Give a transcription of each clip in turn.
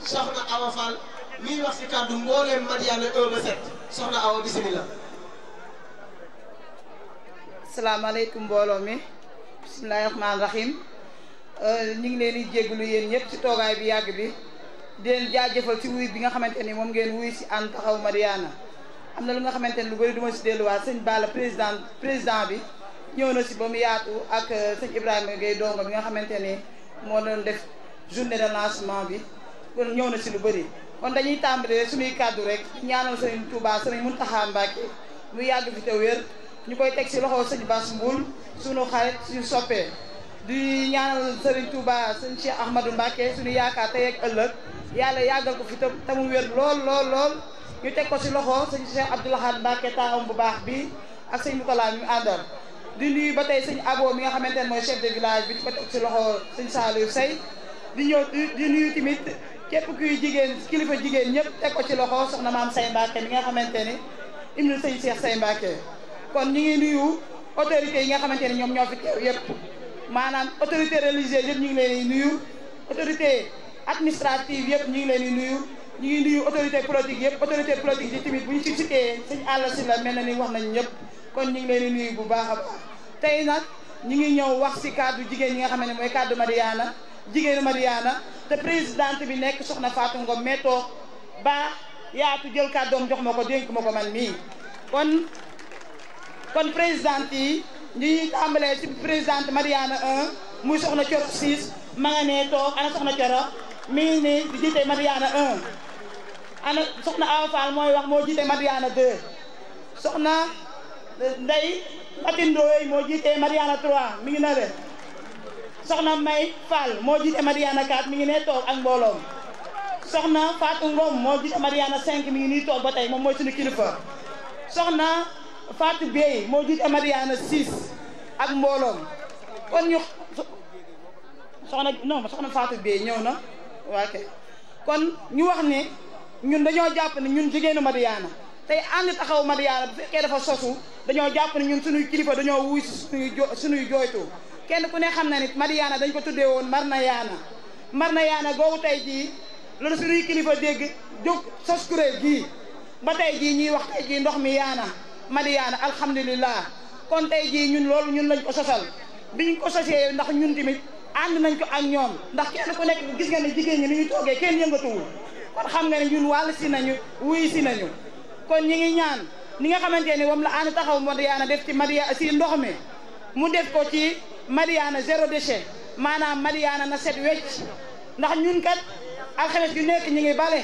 soxna Awa Fall miy wax si kàddu mbooleem Madiyana 1 ba 7 soxna Awa bisimilah. salaamaaleykum mbooloo mi bisimilahi rahmaani rahim euh, ñu ngi leen di jégalu yéen ñëpp ci toogaay bi yàgg bi di leen jaajëfal ci wuy bi nga xamante ni moom ngeen wuy si ànd taxaw Madiyana am na lu nga xamante ni lu bëri du ma si delluwaat sëñ baal président président bi ñëw na si ba mu yaatu ak euh, sëñ Ibrahima Gueye dongo bi nga xamante ni moo doon def journée de lancement bi. ñëw na ci lu bari kon dañuy tambalé suñuy kàddu rek ñaanal sëriñ Touba sëriñ Mountakha Mbacké mu yagg fi te wër ñukoy tek ci loxo sëñ Bass Mboul suñu xarit suñu soppé di ñaanal sëriñ Touba sëñ Cheikh Ahmadou Mbacké suñu yaaka tay ak ëlëk yalla yagal ko fi te tamu wër lool lool lool ñu tek ko ci loxo sëñ Cheikh Abdou Lahad Mbacké taam bu baax bi ak sëñ Moukala ñu andal di nuyu ba tey sëñ Abo mi nga xamantene moy chef de village bi ci ko teg si loxo sëñ Salou Sey di ñëw di nuyu timit képp kuy jigéen kilifa jigéen ñëpp teg ko ci loxo soxna maam say Mbacke bi nga xamante ni ibnu sëñ Cheikh say Mbacke kon ñu ngi nuyu autorités yi nga xamante ni ñoom ñoo fi teew yëpp maanaam autorité religieuse yëpp ñu ngi leen di nuyu autorité administrative yëpp ñu ngi leen di nuyu ñu ngi nuyu autorité politique yëpp autorité politique yi tamit bu ñu ci sikkee sëñ àll si la mel na ni wax nañ ñëpp kon ñu ngi leen di nuyu bu baax a baax tey nag ñu ngi ñëw wax si kaddu jigéen ñi nga xam ne mooy kaddu Madiyana jigéenu Mariana te présidente bi nekk soxna Fatou Ngom toog baax yaatu jël kàddoom jox ma ko dénk ma ko man mii kon kon présidente yi ñuy tàmbalee ci présidente Mariana 1 muy soxna Coro 6 ma nga nee toog ana soxna Coro mi ngi nii di jiite Mariana 1 ana soxna Awa Fall mooy wax moo jiite Mariana 2 soxna Ndey Matin Ndoye moo jiite Mariana 3 mi ngi na le soxna May Fall moo jiite Mariana 4 mi ngi ne toog ak mbooloom soxna Fatou Ngom moo jiite Mariana 5 mi ngi ni toog ba tey moom mooy suñu kilifa soxna Fatou Bey moo jiite Mariana 6 ak mbooloom kon ñu soxna non soxna Fatou Bey ñëw na waaye kon ñu wax ni ñun dañoo jàpp ne ñun jigéenu Mariana tey ànd taxaw Mariana bu dafa sosu dañoo jàpp ne ñun suñuy kilifa dañoo wuy su jo suñuy jooytu kenn ku ne xamna nit mariana dañ ko tuddee mar Marnayaana yana googu tay ji lolu suñu kilifa dégg jog sos gi ba tay ji ñi wax tay ji ndox mi yana mariana alhamdullilah kon tay ji ñun lolu ñun lañ ko sosal biñ ko sosé ndax ñun timit and nañ ko ak ñom ndax kenn ku nekk gis nga ni jigeen ñi ñu kenn wu kon xam nga ni ñun wal si nañu wuy si nañu kon ñi ngi ñaan ni nga xamanteni wam la an taxaw Madiyaana def ci Madiyaana si ndox mi mu def ko ci maliyaana zéro déchet manam maliyaana na set wetch ndax ñun kat alxames yu nekk ñi ngi balé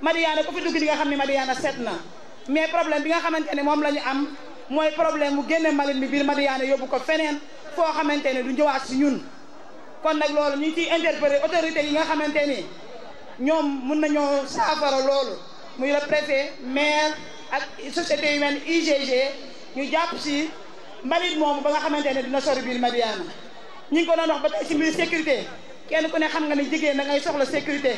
maliyaana ko fi dugg di nga xamni ne set na mais problème bi nga xamantene mom lañu am moy problème mu génné malin bi bir maliyaana yobbu ko fenen fo xamantene du ñëwaat ci ñun kon nak loolu ñi ci interpréter autorité yi nga xamantene ñom mën nañu safara saafara loolu muy le préfet maire ak société humaine IGG ñu japp ci mbalit moomu ba nga xamante ne dina sori biir Madiyana ñi ngi ko na wax ba tey ci biir sécurité kenn ku ne xam nga ne jigéen da ngay soxla sécurité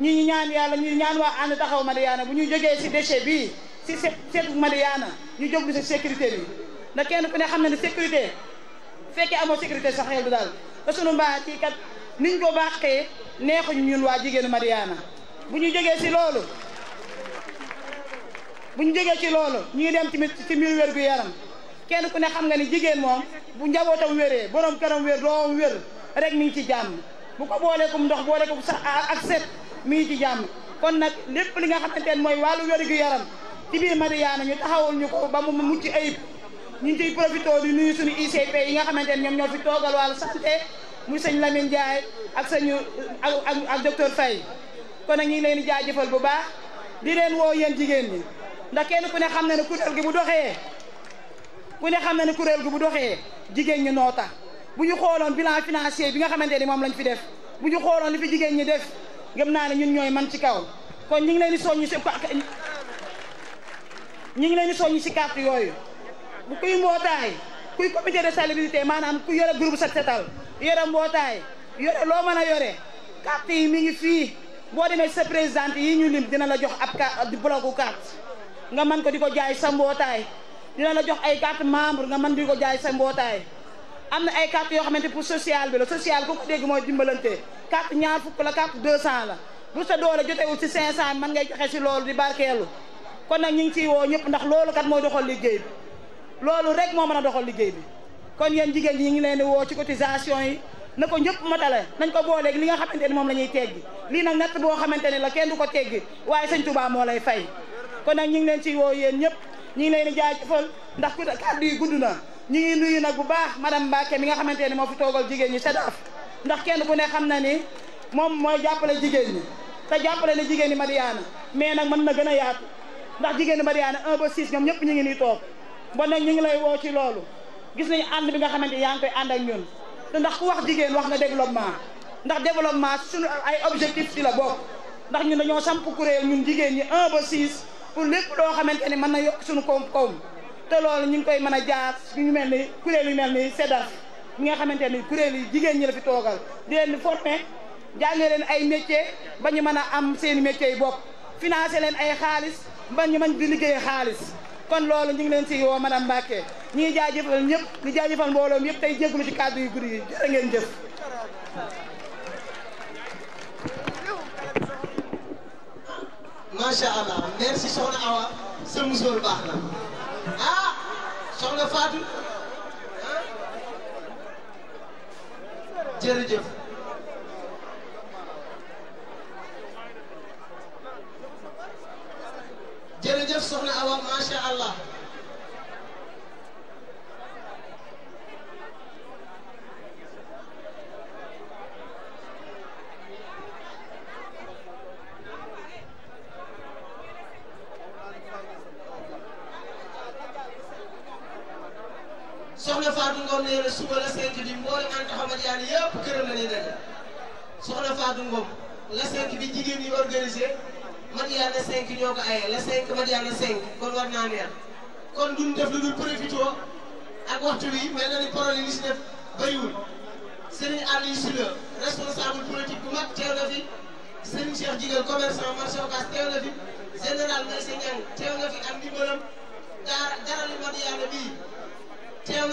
ñi ñu ñaan yàlla ñu ñaan waa ànd taxaw Madiyana bu ñu jógee si déchet bii si set seet Madiyana ñu jóg si sécurité bi ndax kenn ku ne xam na ne sécurité fekkee amoo sécurité sax xel du daal ba sunu mbaa ci kat niñ ko baaxee neexuñ ñun waa jigéenu Madiyana bu ñu jógee si loolu bu ñu jógee ci loolu ñu dem tamit ci biir wér gu yaram kenn ku ne xam nga ni jigéen moom bu njabootam wéree borom këram wér doom wér rek mi ngi ci jàmm bu ko boolee ndox boole ko sax ak set mi ngi ci jàmm kon nag lépp li nga xamante ne mooy wàllu wér gu yaram ci biir Madiyana ñu taxawul ñu ko ba mu mucc ayib ñu ngi ciy profité di nuyu suñu ICP yi nga xamante ne ñoom ñoo fi toogal wàllu santé muy sëñ Lamine jaay ak sañu ak ak docteur Faye kon nag ñu ngi leen di jaajëfal bu baax di reen woo yéen jigéen ñi ndax kenn ku ne xam ne kuréel gi bu ku ne xam na ne kuréel gu bu doxee jigéen ñi noo tax bu ñu xooloon bilan financier bi nga xamante ni moom lañ fi def bu ñu xooloon li fi jigéen ñi def gëm naa ne ñun ñooy man ci kaw kon ñu ngi leen di soññi si ñu ngi leen di soññi si carte yooyu bu kuy mbootaay kuy comité de salubrité maanaam ku yore groupe set setal yore mbootaay yore loo mën a yore carte yi mi ngi fii boo demee sa présidente yi ñu lim dina la jox ab carte blocu carte nga mën ko di ko jaay sa mbootaay dina la jox ay carte membre nga man di ko jaay sa mbootaay am na ay carte yoo xamante pour social bi la social ko ko dégg mooy dimbalante carte ñaar fukk la carte deux cent la bu sa doole jotewul si cinq cent mën ngay joxe si loolu di barkeelu kon nag ñu ngi ciy woo ñëpp ndax loolu kat moo doxal liggéey bi loolu rek moo mën a doxal liggéey bi kon yéen jigéen ñi ñu leen di woo ci cotisation yi na ko ñëpp matale nañ ko booleeg li nga xamante ni moom la ñuy teggi lii nag natt boo xamante ne la kenn du ko teggi waaye sëñ moo lay fay kon nag ñu ngi leen ciy woo yéen ñëpp ñi ngi leen di jaajëfal ndax ku kàddu yi gudd ñi ngi nuyu nak bu baax madame mbake mi nga xamanteni mo fi togal jigeen ñi SEDAF ndax kenn ku ne xamna ni mom moy jàppale jigeen ñi ta jàppale ni jigeen ni mariana mais nak man na gëna yaat ndax jigeen ni mariana 1 ba 6 ñom ñëpp ñi ngi ni tok bon nak ñi ngi lay wo ci loolu gis nañu and bi nga xamanteni yaang koy and ak ñun te ndax ku wax jigeen wax na développement ndax développement suñu ay objectif ci la bok ndax ñun dañoo samp kureel ñun jigeen ñi 1 ba 6 pour lépp loo xamante ni mën na suñu koom-koom te loolu ñu ngi koy mën a jaar ñu mel ni kuréel yu mel ni SEDAF ñi nga xamante ni kuréel yi jigéen ñi la fi toogal di leen di former leen ay métier ba ñu mën a am seen i métiers bopp financé leen ay xaalis ba ñu mën di liggéeye xaalis kon loolu ñu ngi leen si woo madame Mbacke ñi ngi jaajëfal ñëpp di jaajëfal mbooloom yëpp tey jégalu ci kàddu yu guddi yi jërë ngeen jëf macha allah merci soxna Awa sa musóor baax na ah soxna Fatou jërëjëf jërëjëf soxna Awa macha allah. soxna Fatou Ngom nee na suba la cinq bi mboolem Anta Hamadiyaan yëpp këram la daje soxna Fatou Ngom la cinq bi jigéen ñi organisé Madiyana cinq ñoo ko ayee la cinq Madiyana cinq kon war naa neex kon duñ lu dul profité ak waxtu bi mel na ni parole si def bëriwul Serigne Aliou Sylla responsable politique bu mag teew na fi Serigne Cheikh Jigal commerçant marché teew na fi général Maïssa Niang teew na fi am ndimbalam daara dara li Madiyana bii. teew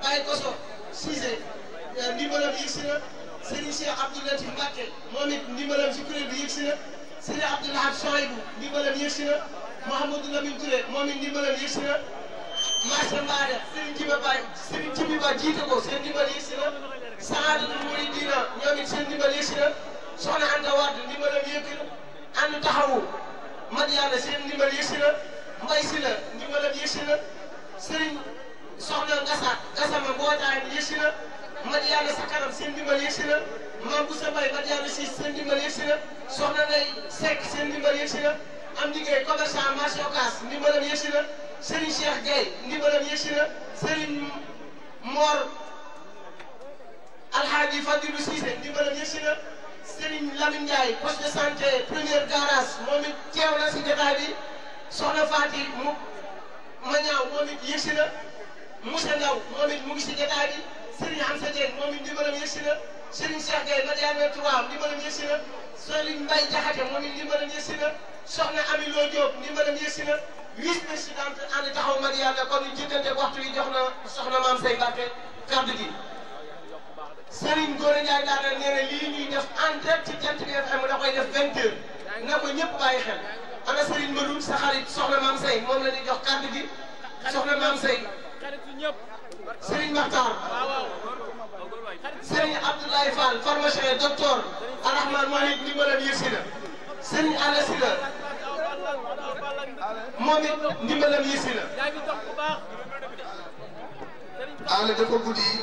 nañ Koso Cissé euh, ndimbalam yëg si na si kuréel bi yëg si na Serigne Abdou Lahad Sohaibou ndimbalam yëg si na Mouhamadou Lamine Touré moom it ndimbalam yëg si na Massa Mbaare Serigne Djiba Baye Ba jiite ko seen ndimbal yëg si na Sahaadatul Mouridina ñoom it ndimbal yëg si na Soxna Anta Wade ndimbalam yëg na ànd taxawu Madiana seen si na Mbaye si la soxna Gassama Gassama mbootaayam yësi na mat yàlla sa kanam seen ndimbal yësi na maam bu sa mbay mat yàlla si seen ndimbal yësi na soxna Ndeye Seck seen ndimbal yësi na am liggéey commerçant marché Ocass ndimbalam yësi na Serigne Cheikh Gueye ndimbalam yësi na Serigne Mor Alhaji Fadilou Cissé ndimbalam yësi na Serigne Lamine Ndiaye poste de santé première garage moom teew na si jotaay bi soxna mu ma ñaaw moom it مسندو مومن مسندو سيدي حمزه مومن دبلوم يسير سيدي شاكي مدام ترام دبلوم يسير سيدي باي جاكي مومن دبلوم يسير سيدي امي لوجوب دبلوم يسير ويسير سيدي انا تاهو مريم لكم جدا وحدي جهنا سيدي مام سيدي كابدين سيدي غوريا لانا لينا جاف انتي جنتي انا وين افنتي نبو يبقى انا سيدي مروم سيدي مام سيدي مام سيدي مام سيدي Serigne Makhtar Serigne Abdoulaye Fall pharmacien docteur Arahman Mahit ndimbalam yegsi na na Alla dafa guddi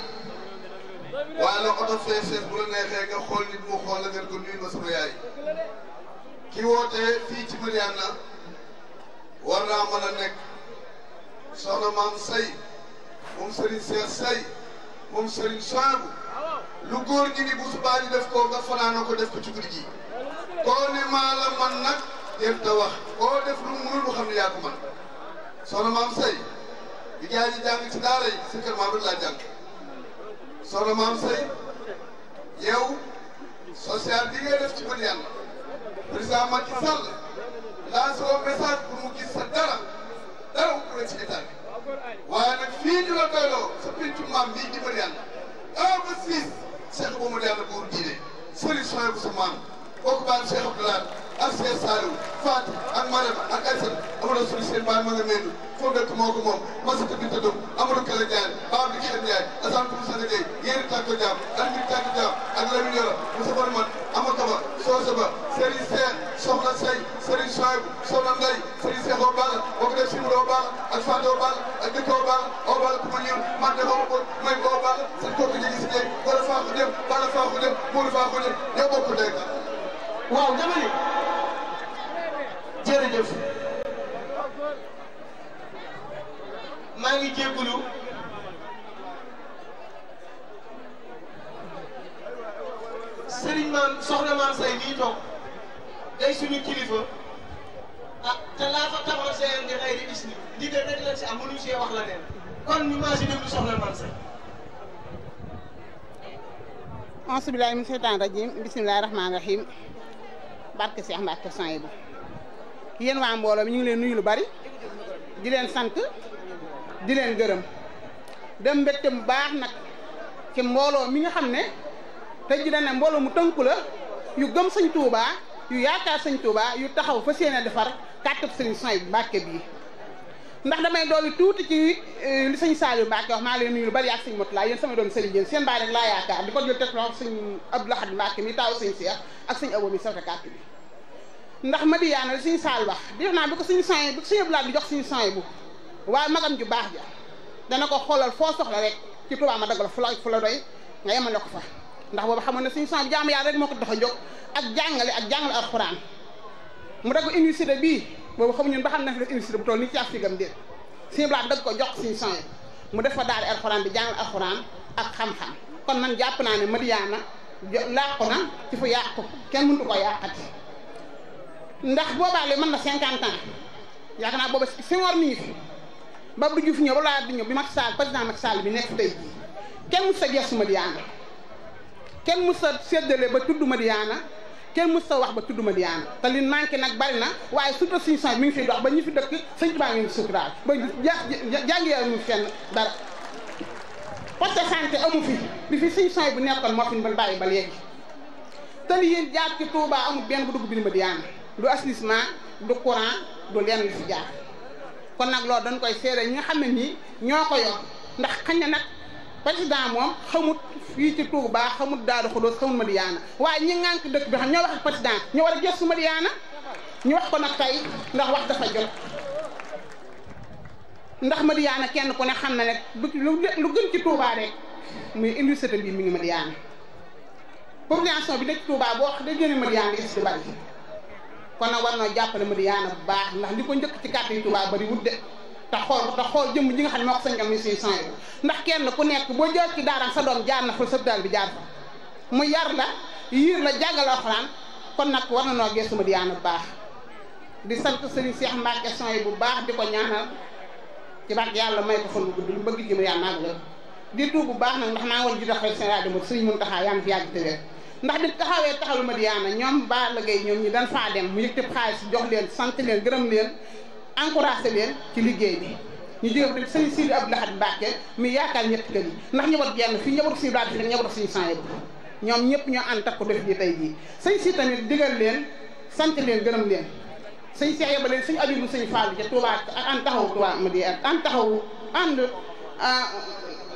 waaye la oto fee bu la neexee nga xool nit mu xool la ngeen ko nuyu ma sama yaay ki woote fii ci Mariana war naa mën a nekk soxna maam Sey moom Serigne Cheikh Say moom Serigne Soabu lu góor ñi ni bu subaa def ko nga fanaanoo ko def ko ci guddi gi koo ne maa la man nag jër ta wax koo def lu mu mënul xam ne yaa ko man soxna maam Say bi jaay ji jàng ci daara yi si kër maam rek laa jàng soxna maam Say def ci bët yàlla président Macky Sall laa soo message pour mu gis sa dara dara ëpp na ci état bi waaye nag fii di la doyloo sa pincu maam bii di bëri yàlla un ba six seex bu mu dellu buur diine fëri soxebu sa maam kooku baal Cheikh Abdoulaye ak Cheikh Saliou Fati ak Marème ak Aïssat Amadou Sow seen baay ma nga nendu foo dëkk moo ko moom masata bi tëddëm Amadou Kala Ndiaye Babou Diagne Ndiaye Assane Koum Sane Gueye yéeni tàkko jaam ak mi tàkko jaam ak Lamine Yoro Moussa Barman Amaka Ba Soose Ba Serigne Seer Soxna Sey Serigne Soyebu Soxna Ndey Serigne la boo ko def simuloo la ak Fatou oo baax la ak Dëkk oo baax la oo baax la ku ma ñëw man de xaw ma ko may ko jéggulu sëriñ man soxna man say nii toog day suñu kilifa ah te laa fa taxaw seen di xëy di isni ndigal rek lañ si am mënuñ see wax la neen kon ñu maa si déglu soxna man say auzu billaahi min waa mbooloo bi ñu ngi leen nuyu lu bari di leen sant di leen gërëm dem mbégte mu baax nag ci mbooloo mi nga xam ne tey ji ne mbooloo mu tënku la yu gëm sañ Touba yu yaakaar sañ Touba yu taxaw fa seen defar kàttab sëñ Soy Mbàkke bii ndax damay dooli tuuti ci eh, li sëñ Saliou Mbacke wax maa leen nuyu lu bari ak sëñ Motula yéen sama doom seen baay rek laa yaakaar di ko jël teg wax sëñ Abdou Lahad Mbacke mi taaw sëñ Cheikh ak sëñ Abo mi sawta kàtt bi ndax ma di yaana li sëñ Sall wax di wax naa bi ko sëñ Soy bi ko sëñ Abdou Lahad di jox sëñ Soy bu waaye magam ju baax ja dana ko xoolal foo soxla rek ci Touba ma daggal fu la fu la doy nga yemale ko fa ndax boobu xamoon ne suñu sang jaamu yàlla rek moo ko tax a jóg ak jàngale ak jàngale alxuraan mu dagg université bii boobu xamuñu ñun ba xam ne fi def université bu toll nii ci Afrique déet suñu ko jox suñu sang mu def fa daal alxuraan bi jàngal alxuraan ak xam kon man jàpp naa ne Madiyaana làqu na ci fu yàqu kenn mënut ko yàqati ndax boobaa léegi mën na cinquante ans yaakaar naa booba si war nañu ba Abdou Diouf ñew wala di ñew bi Macky Sall président Macky Sall bi nek tay jii kenn musa sa gestu Madiyana kenn musa seddelé séddale ba tudd Madiyana kenn musa wax ba tudd Madiyana ta li manqué nak bari na waaye surtout suñu change mi ngi fi dox ba ñi fi dëkk señ ba ngi suturaal ba jang ya ñu fenn dara poste santé amu fi bi fi señ bu nekkal mo fi ban baye ba légui ta li yeen jaar ci Touba amu ben bu dugg du assainissement du courant du lenn ci kon nag loolu dañ koy seere ñi nga xam ne nii ñoo ko yor ndax xañ na nag président moom xamut fii ci Touba xamut Daaru Xudoos xamut Madiyaana waaye ñi ngànk dëkk bi xam ñoo wax ak président ñu war a gëstu Madiyaana ñu wax ko nag tey ndax wax dafa jot ndax Madiyaana kenn ku ne xam na ne lu gën ci Touba rek muy université bii mi ngi Madiyaana population bi nekk Touba boo wax da génne Madiyaana gis di bari kon nag war noo jàppale Madiyana bu baax ndax li ko njëkk ci kàtt yi Tuubaa bari wut de te xool te xool jëmm ji nga xam ne moo ko am ni suñu ndax kenn ku nekk boo jël ci daaraam sa doom jaar na fa sëbdaal bi jaar mu yar la yiir la jàngal alxuraan kon nag war na noo gëstu Madiyana bu baax di sant Serigne Cheikh Mbacke son bu baax di ko ñaanal ci barke yàlla may ko fan bu gudd lu bëgg ji mu yàlla naa di tuub bu baax nag ndax naa ngi woon di doxal seen rajo ma Serigne Mountakha yaa ngi fi yàgg te ndax bi taxawee taxawu Madiyana ñoom Balla Gaye ñoom ñu dan faa dem mu yëkkati xaalis jox leen sant leen gërëm leen encouragé leen ci liggéey bi ñu jóge bi sëñ Sidi Abdou Lahad Mbacke yaakaar ñetti kër yi ndax ñëwat genn fi ñëwatu si daal fi ñëwatu ñoom ñëpp ñoo ànd takku def tey jii sëñ si tamit digal leen sant leen gërëm leen sëñ si yebal leen sëñ abibu sëñ Fall ca Touba ak an taxaw Touba Madiyana an taxaw ànd ah,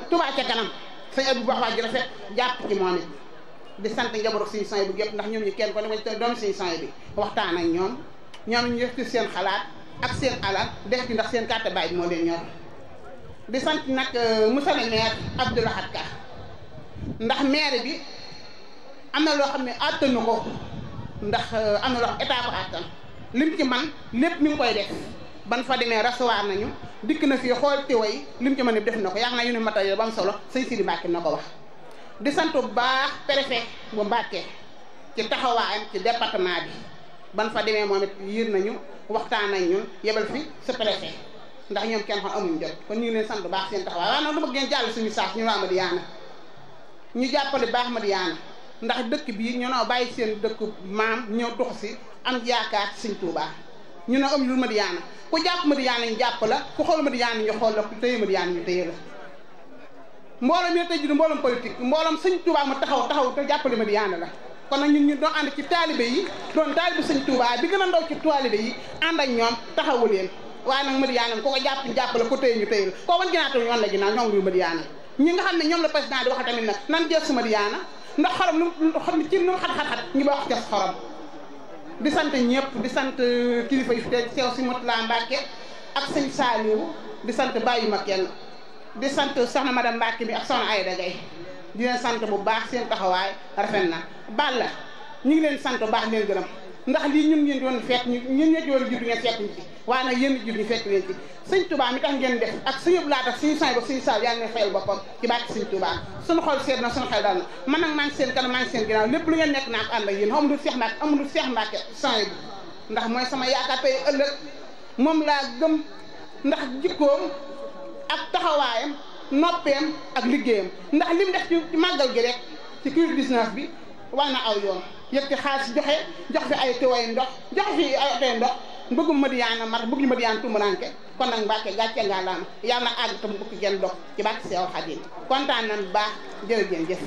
Touba ca kanam sëñ abibu wax waa ji rafet jàpp ci moom it di sant njabootu suñu sang bi gépp ndax ñoom ñu kenn ko dama waxtaan ak ñoom ñoom ñu def ci seen xalaat ak seen alal def ci ndax seen carte baay bi moo leen ñor di sant nag euh, monsieur le maire Abdou Lahad Ka ndax maire bi am na loo xam ne àttanu ko ndax euh, am na loo xam état ko àttan lim ci man lépp mi ngi koy def ban fa demee recevoir nañu dikk na fii xool tiwa yi lim ci man def na ko yaakaar naa yu ne matériel ba mu solo sëñ Sidi Mbacke na ko wax. di sant bu baax préfet bu Mbàkke ci am ci département bi ban fa demee moom it yiir nañu waxtaan nañ ñun yebal fi sa préfet ndax ñoom kenn xam amuñ jot kon ñu ngi leen sant baax seen taxawaay waaye nag lu bëgg jàll suñu saas ñu waa Madiyana ñu jàppale baax Madiyana ndax dëkk bii ñu noo bàyyi seen dëkk maam ñëw dox si am yaakaar Sëñ Tuubaa ñu ne am lu Madiyana ku jàpp Madiyana ñu jàpp la ku xool Madiyana ñu xool la ku téye Madiyana ñu téye mbooloom yooyu tey jii du mbooloom politique mbooloom sëñ Touba ma taxaw taxaw te jàppale ma bi yaana la kon nag ñun ñu doon ànd ci taalibe yi doon taalibe sëñ Touba bi gën a ndaw ci taalibe yi ànd ak ñoom taxawu leen waaye nag Madiyana ko ko jàpp jàppale ko téye ñu téye la koo wan ginnaaw tamit ñoon la ginnaaw ñoom ñu Madiyana ñi nga xam ne ñoom la président di wax tamit nag nan jël su Madiyana ndax xorom lu xam ci nu mu xat-xat-xat ñu ba wax jëf xorom di sant ñëpp di sant euh, kilifa yi fi teew si Moutala Mbacke ak sëñ Saliou di sant bàyyi ma kenn di sant soxna madame Mbacke mi ak soxna Ayda Gaye di leen sant bu baax seen taxawaay rafet na Balla ñu ngi leen sant bu baax leen gërëm ndax lii ñun ngeen doon fekk ñu ñun ñoo ci woon juddu ngeen fekk ñu ci waaye nag yéen juddu fekk leen ci sëñ Touba mi tax ngeen def ak suñu laat ak suñu sang ba suñu na na seen kanam maa ngi seen ginnaaw lépp lu ngeen nekk naa ko ànd ak yéen amul Seex Mbàkke amul Seex Mbàkke mooy sama yaakaar tey ëllëg moom laa gëm ndax jikkoom ak taxawaayam noppeem ak liggéeyam ndax lim de ci màggal gi rek ci covid 19 bi war na aw yoon yëkkati xaalis joxe jox fi ay tuwaay ndox jox fi ay otoy ndox mbëggum Madiyana mar mbëggum Madiyana tumuranke kon nag Mbàkke gàcce nga laam yàlla na àgg tam bukki genn dox ci bàkk seew Xaadim kontaan nañ baax jërëjëf jëf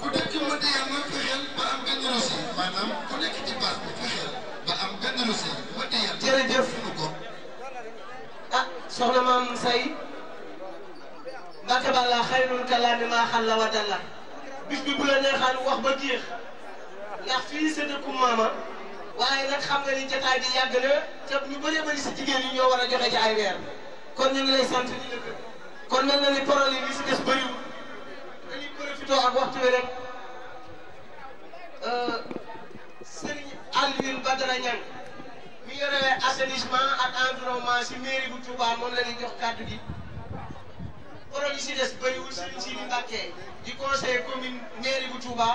ku dëkk ba jërëjëf ah soxna maam say Mbacke Balla xayrul kalaami maa xalla wa dalla bis bi bu la neexaan wax ba jeex ndax fii sa dëkku maama waaye nag xam nga ni jataay bi yàgg na te ñu bëree bëri si jigéen ñi ñoo war a joxe ci ay weer kon ñu ngi lay sant la gërëm kon mel na ni parole yi li si des bëriwul dañuy profité ak waxtu bi rek euh, bi yorewee assainissement ak environnement si mairie bu Touba moom la ñuy jox kàddu gi borom yi si des bëriwul Serigne Sidi Mbacké di conseil commune mairie bu Touba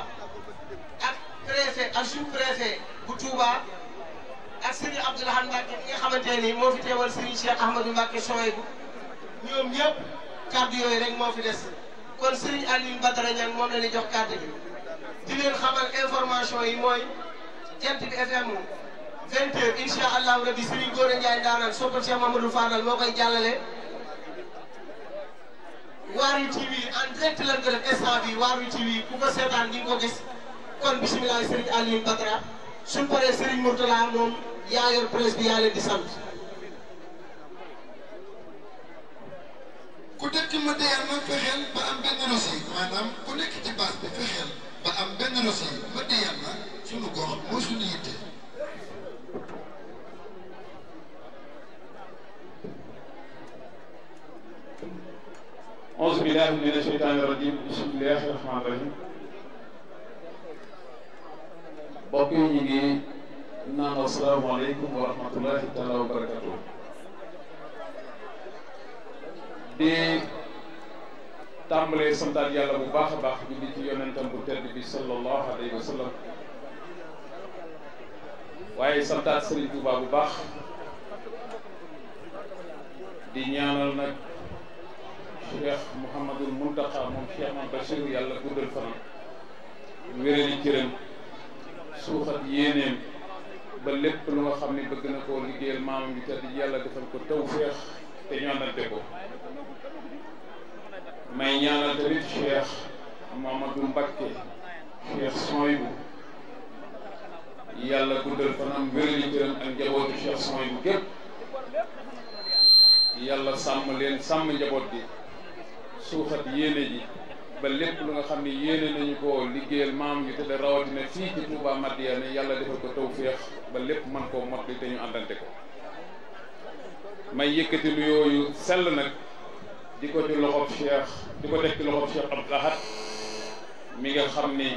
ak préfet ak sous préfet bu Touba ak Serigne Abdourahmane Mbacké bi nga xamante ni moo fi teewal Serigne Cheikh Ahmadou Mbacké Souhaïbou ñoom ñëpp kàddu yooyu rek moo fi des kon Serigne Alioune Badara Niang moom la jox kàddu gi di leen xamal information yi mooy Jant bi FM vingt heures incha allahu rabi Serigne Gora Ndiaye daanaan suñ paree Serigne Mourtala moom yaa yor presse bi yaa leen di sant. ku dëkk ma deyal ma fexeel ba am benn rosi ma deyal ma sunu gox moo sunu yitte. auzu a mina sheytaani rajiim bismillaahi rahmaani rahiim mbokk yi ñu ngi naan asalaamaaleykum wa rahmatullaahi taala wa di tàmbalee santaat yàlla bu baax a baax ñu ngi ci yonentam bu tedd bi sallallahu alayhi wa sallam waaye santaat bu baax cheikh mouhamadul muntaxa moom cheikh moom bachir yàlla guddal fanam wérali cëram suuxat yéeneem ba lépp lu nga xam ne bëgg na koo liggéeyal maamam bi tedd yàlla defal ko tawféex te ñaanante ko may ñaanal tamit cheikh mamadou mbakke cheikh soybu yàlla guddal fanam wérali cëram ak njabootu cheikh soybu gépp yàlla sàmm leen sàmm njaboot bi suufat yéene ji ba lépp lu nga xam ne yéene nañu ko liggéeyal maam yi te da rawatina fii ci Touba ne yàlla defal ko tawféex ba lépp man koo motli te ñu àndante ko may yëkkati lu yooyu sell nag di ko ci loxo Cheikh di ko teg ci loxo Cheikh Abdoul Ahad mi nga xam ni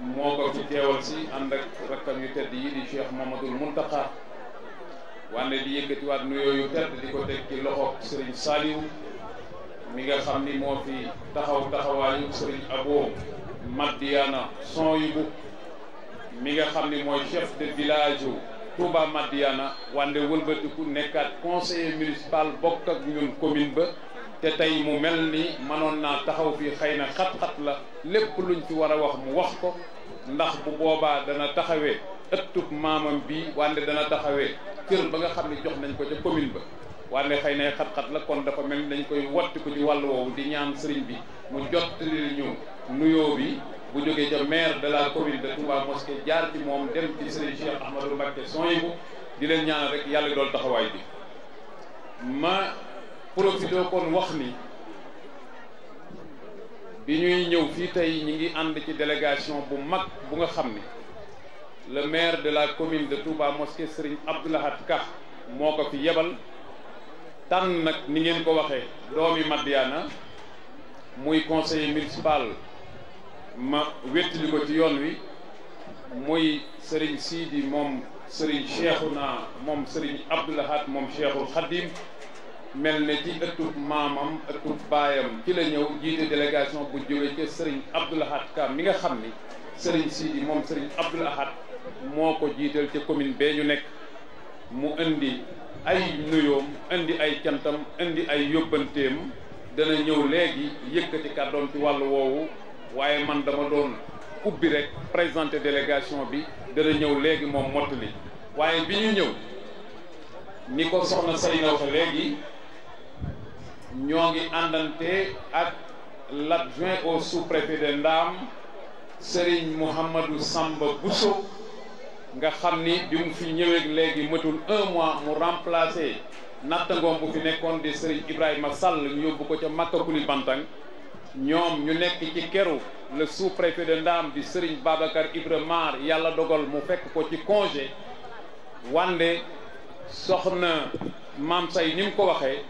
moo ko fi teewal si ànd ak rakam yu tedd yi di Cheikh Mamadou Mountakha wànne di yëkkatiwaat nu yu tedd di ko teg ci loxo Serigne Saliou mi nga xam ni moo fi taxaw taxawaayu sëriñ Abo Madiana Sonhibou mi nga xam ni mooy chef de village yu Touba Madiana wande wëlbatiku nekkaat conseiller municipal bokk ak ñun commune ba te tey mu mel ni mënoon naa taxaw fii xëy na xat-xat la lépp luñ ci war a wax mu wax ko ndax bu boobaa dana taxawee ëttub maamam bii wande dana taxawee kër ba nga xam ne jox nañ ko ca commune ba wante xëy na xat-xat la kon dafa mel ni dañ koy wotti ko ci wàll woowu di ñaan sëriñ bi mu jottali ñu nuyoo bi bu jógee ca maire de la commune de Touba Mosquée jaar ci moom dem ci sëriñ Cheikh Ahmadou Mbacké Sonhibou di leen ñaanal rek yàlla dool taxawaay bi ma profité kon wax ni bi ñuy ñëw fii tey ñi ngi ànd ci délégation bu mag bu nga xam ni le maire de la commune de Touba Mosquée sëriñ Abdou Lahad moo ko fi yebal tànn nag ni ngeen ko waxee doomi Madiana muy conseiller municipal ma wéttali ko ci yoon wi muy Serigne Sidi moom Serigne Cheikhouna moom Serigne Abdou moom Cheikhul Khadim mel ne ci ëttub maamam ëttub baayam ci la ñëw jiite délégation bu jóge ca Serigne Abdou Lahad Ka mi nga xam ni sëriñ Sidi moom sëriñ Abdou Lahad moo ko jiital ca commune bee ñu nekk mu indi ay nuyoom indi ay cantam indi ay yóbbanteem dana ñëw léegi yëkkati kàddoom ci wàll woowu waaye man dama doon ubbi rek présenter délégation bi dana ñëw léegi moom mottali waaye bi ñu ñëw ni ko soxna Sayna waxe léegi ñoo ngi àndante ak l'adjoint au sous-préfet de Ndam Serigne Mouhamadou Samba Bousso nga xam ni bi mu fi ñëwee léegi matul un mois mu remplacé nattangoom bu fi nekkoon di Serigne Ibrahima Sall ñu yóbbu ko ca Makakuli Bantang ñoom ñu nekk ci keru le sous-préfet de Ndam di Serigne Babacar Ibra Mar yàlla dogal mu fekk ko ci congé wande soxna maam say ni mu ko waxee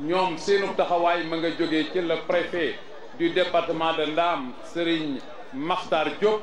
ñoom seenu taxawaay ma nga jóge ci le préfet du département de Ndam Serigne Makhtar Diop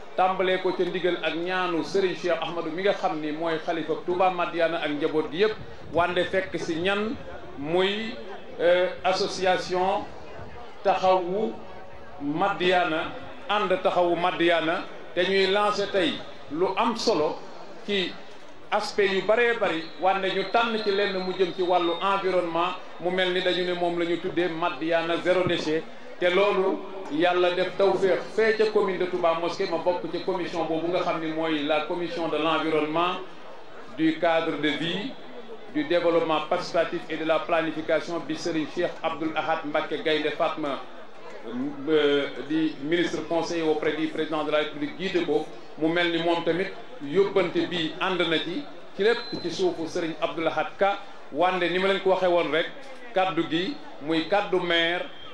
tàmbalee ko ca ndigal ak ñaanu Serigne Cheikh Ahmadou mi nga xam ni mooy xalifa Touba Madiana ak njaboot gi yëpp wande fekk si ñan muy euh, association taxawu Madiana ànd taxawu Madiana te ñuy lancé tey lu am solo ci aspect yu bëree bëri wande ñu tànn ci lenn mu jëm ci wàllu environnement mu mel ni dañu ne moom la ñu tuddee Madiana zéro déchet té lolu yalla def tawféex fé ca commune de Touba Mosquée ma bok ci commission bobu nga xamni moy la commission de l'environnement du cadre de vie du développement participatif et de la planification bi Serigne Cheikh Abdoul Ahad Mbacké Gaynde Fatma euh, di ministre conseiller auprès du président de la République guide ko mu melni mom tamit yobante bi and na ci ci lépp ci suufu Serigne Abdoul Ahad Ka wande ni ma len ko waxee won rek kaddu gi muy kaddu maire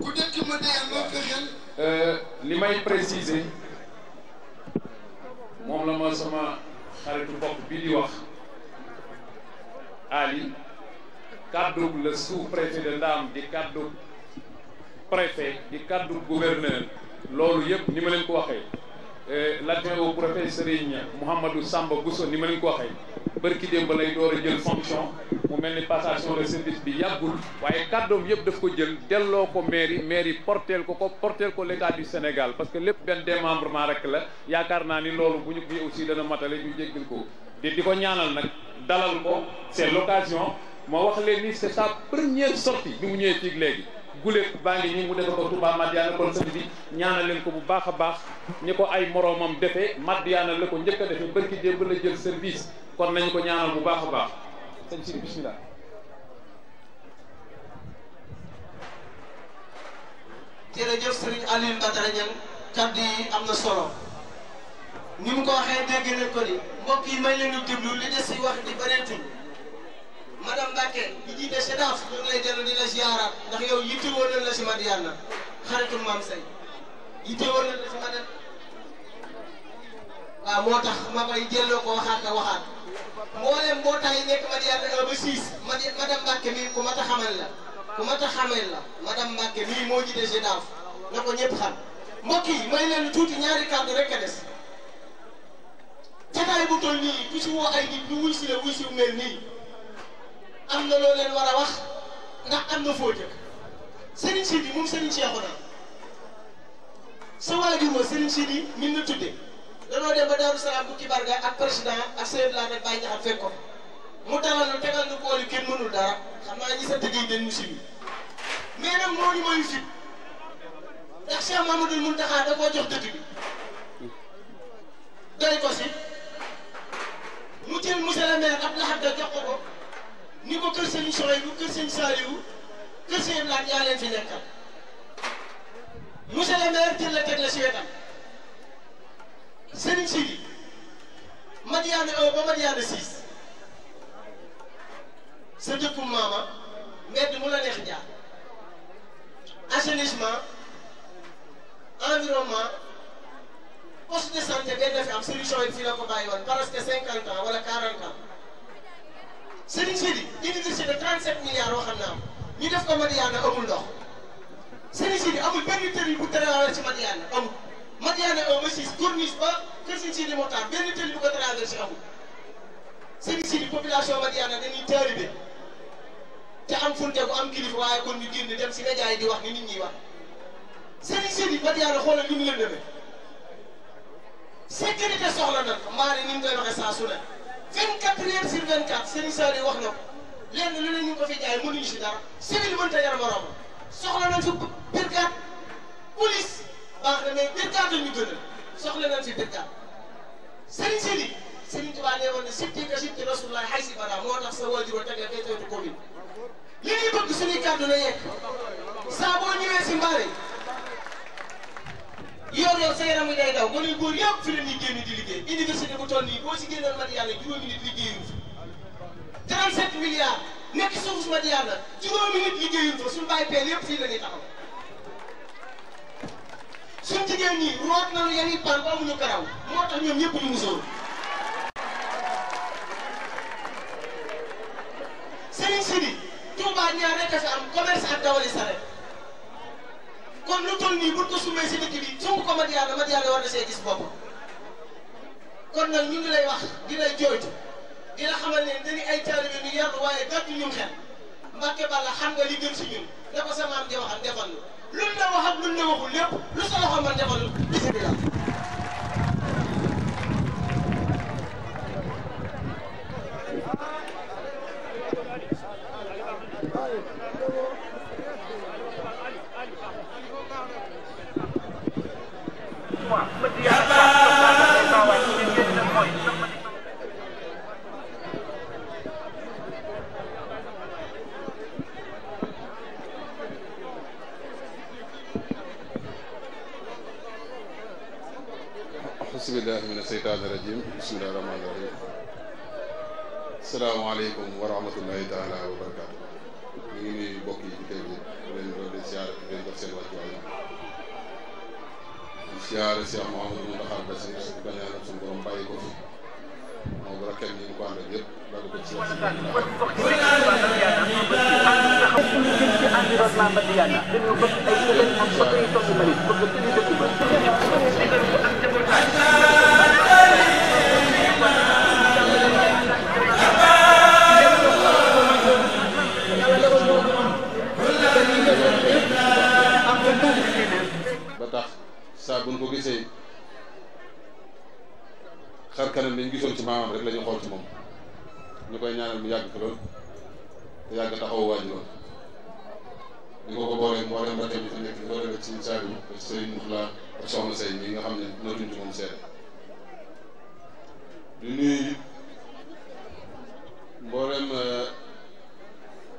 ku ma ne loo fexeel euh, li may préciser moom la ma sama xaritu bopp bi di wax Ali kàddug le sous-préfet de di kàddug préfet di kàddug gouverneur loolu yëpp ni ma leen ko waxee euh, l'adjoint au préfet Serigne Mouhamadou Samba Bousso ni ma leen ko waxee bërki démb lay door a jël fonction mu mel ni passation de service bi yàggul waaye kàddoom yëpp daf ko jël delloo ko mairie mairie porteel ko ko porteel ko l'état du Sénégal parce que lépp benn démembrement rek la yaakaar naa ni loolu bu ñu ko aussi dana matale ñu jéggal ko di di ko ñaanal nag dalal ko c'est l'occasion ma wax leen ni c'est sa première sortie bi mu ñëwee fii léegi guléet baa ngi nii mu defe ko Touba Madiana kon sëñ bi ñaana ko bu baax a baax ñi ko ay moroomam defee Madiana la ko njëkk a defee barki démb la jël service kon nañu ko ñaanal bu baax a baax sëñ si bismillah jërëjëf sëriñ Alioune Badara Niang kaddu yi am na solo ni mu ko waxee dégg nañ ko mbokk yi may leen di déglu li wax di bareetuñ madame Mbacke di jiite sédance ñu ngi lay dellu di la ziara ndax yow yitte woon la si Madiyana xaritu maam say woon la si Madiyana waaw moo tax ma koy a xamal la ku mat la madame Mbacke mii moo jiite sédance na ko ñëpp xam mbokk may leen tuuti ñaari kàddu rek a des jataay bu toll nii ku si woo ay nit ñu wuy la wuy si mel nii. am na loo leen war a wax ndax am na foo jëkk bi Sidi moom Serigne Cheikhouna sa waajur wa Serigne Sidi min na tudde danoo dem ba Daaru Salaam bu Kibarga ak président ak Seydou Lalla bàyyi ñaxam fekk ko mu dalal ñu tegal ñu kool yi kenn mënul daa xam naa ñi sa tëggee den ñu sibi mais nag moo ñu mayu fit ndax Cheikh Mamadou Mountakha da koo jox dëkk bi soxey bu kër sëñ Saliou kër sëñ Blaat yaa leen fi nekkal monsieur le maire jël la teg la si wetam sëriñ Sidi Madiane 1 ba Madiane 6 sa dëkku maama mbedd mu la neex jaar assainissement environnement poste de santé benn fi am solution yi fii la ko bàyyi woon parce que cinquante wala quarante Serigne Sidi université de 37 milliards yoo xam ne am ñu def ko Madiana amul ndox Serigne Sidi amul benn tëri bu traversé ci Madiana amul Madiana un massif corniche ba kër Serigne Sidi moo tax benn tëri bu ko traversé amul Serigne Sidi population Madiana dañuy taalibe te am funte bu am kilifa waaye kon ñu génn dem si média yi di wax ni nit ñi wax Serigne Sidi Madiana xoolal ni mu leen demee sécurité soxla na ko mbaa ni mu koy waxee saa su 24 heures sur 24 Serigne Saliou wax na ko lenn lu ne ñu ko fi jaay mënuñu si dara civil mënta yar borom soxla nañ fi brigade police baax na mais brigade ñu gën a soxla nañ fi brigade Serigne Sidi Serigne Touba nee woon ne sibti ka sibti Rasulullah xay si bada moo tax sa waajur a tege day li ñuy bëgg suñuy kàddu na yegg saa boo ñëwee mbaare yoon yow sa yaram yi day daw gone yu góor yëpp fi la ñuy génn di liggéey université bu toll nii boo si génnoon Madiyana juróomi nit liggéeyul fa 37 milliards nekk suuf su Madiyana juróomi nit liggéeyul fa suñu bàyyi peel yëpp fii la ñuy taxaw suñu jigéen ñi root nañu yan yi pan ba amuñu karaw moo tax ñoom ñëpp ñu musóor sëriñ si ni Touba ñaar rek a fi am commerce ak dawali saret kon lu tol ni bu ko sumee ci dëkk bi sumb ko ma ma Madiyana war na see gis bop kon nak ñu ngi lay wax di lay jooytu di la xamal ni dañuy ay talibé ñu yar waye dat ñu xel Mbàkke bala xam nga li gën ci ñun da ko sama am di waxal defal lu lu la wax ak lu la waxul lepp lu sa waxal man defal bismillah Thank you. seytaani rajiim bismillaahi rahmaani rahiim asalaamaaleykum wa rahmatullahi taala wa barakaatu ñu ngi nuyu mbokk yi ci tey bi leen doon di siyaare di leen jox seen wàccuwaay di siyaare Cheikh Mouhamadou Mountakha Bassir di ko ñaanal suñu borom bàyyi ko fi moom bu rakkee ñu ngi ko àndal yëpp daal ko ci si. saa buñ ko gisee xar kanam dañ gisoon ci maamam rek la ñu xool moom ñu koy ñaanal mu yàgg lool te yàgg taxaw waaj lool ñu ko ko booleem mboolem ba tey bi nekk ñu ko defee ci saar yi ak Serigne Mourtala ak Soxna Sey mi nga xam ne nootuñ ci moom seede di nuyu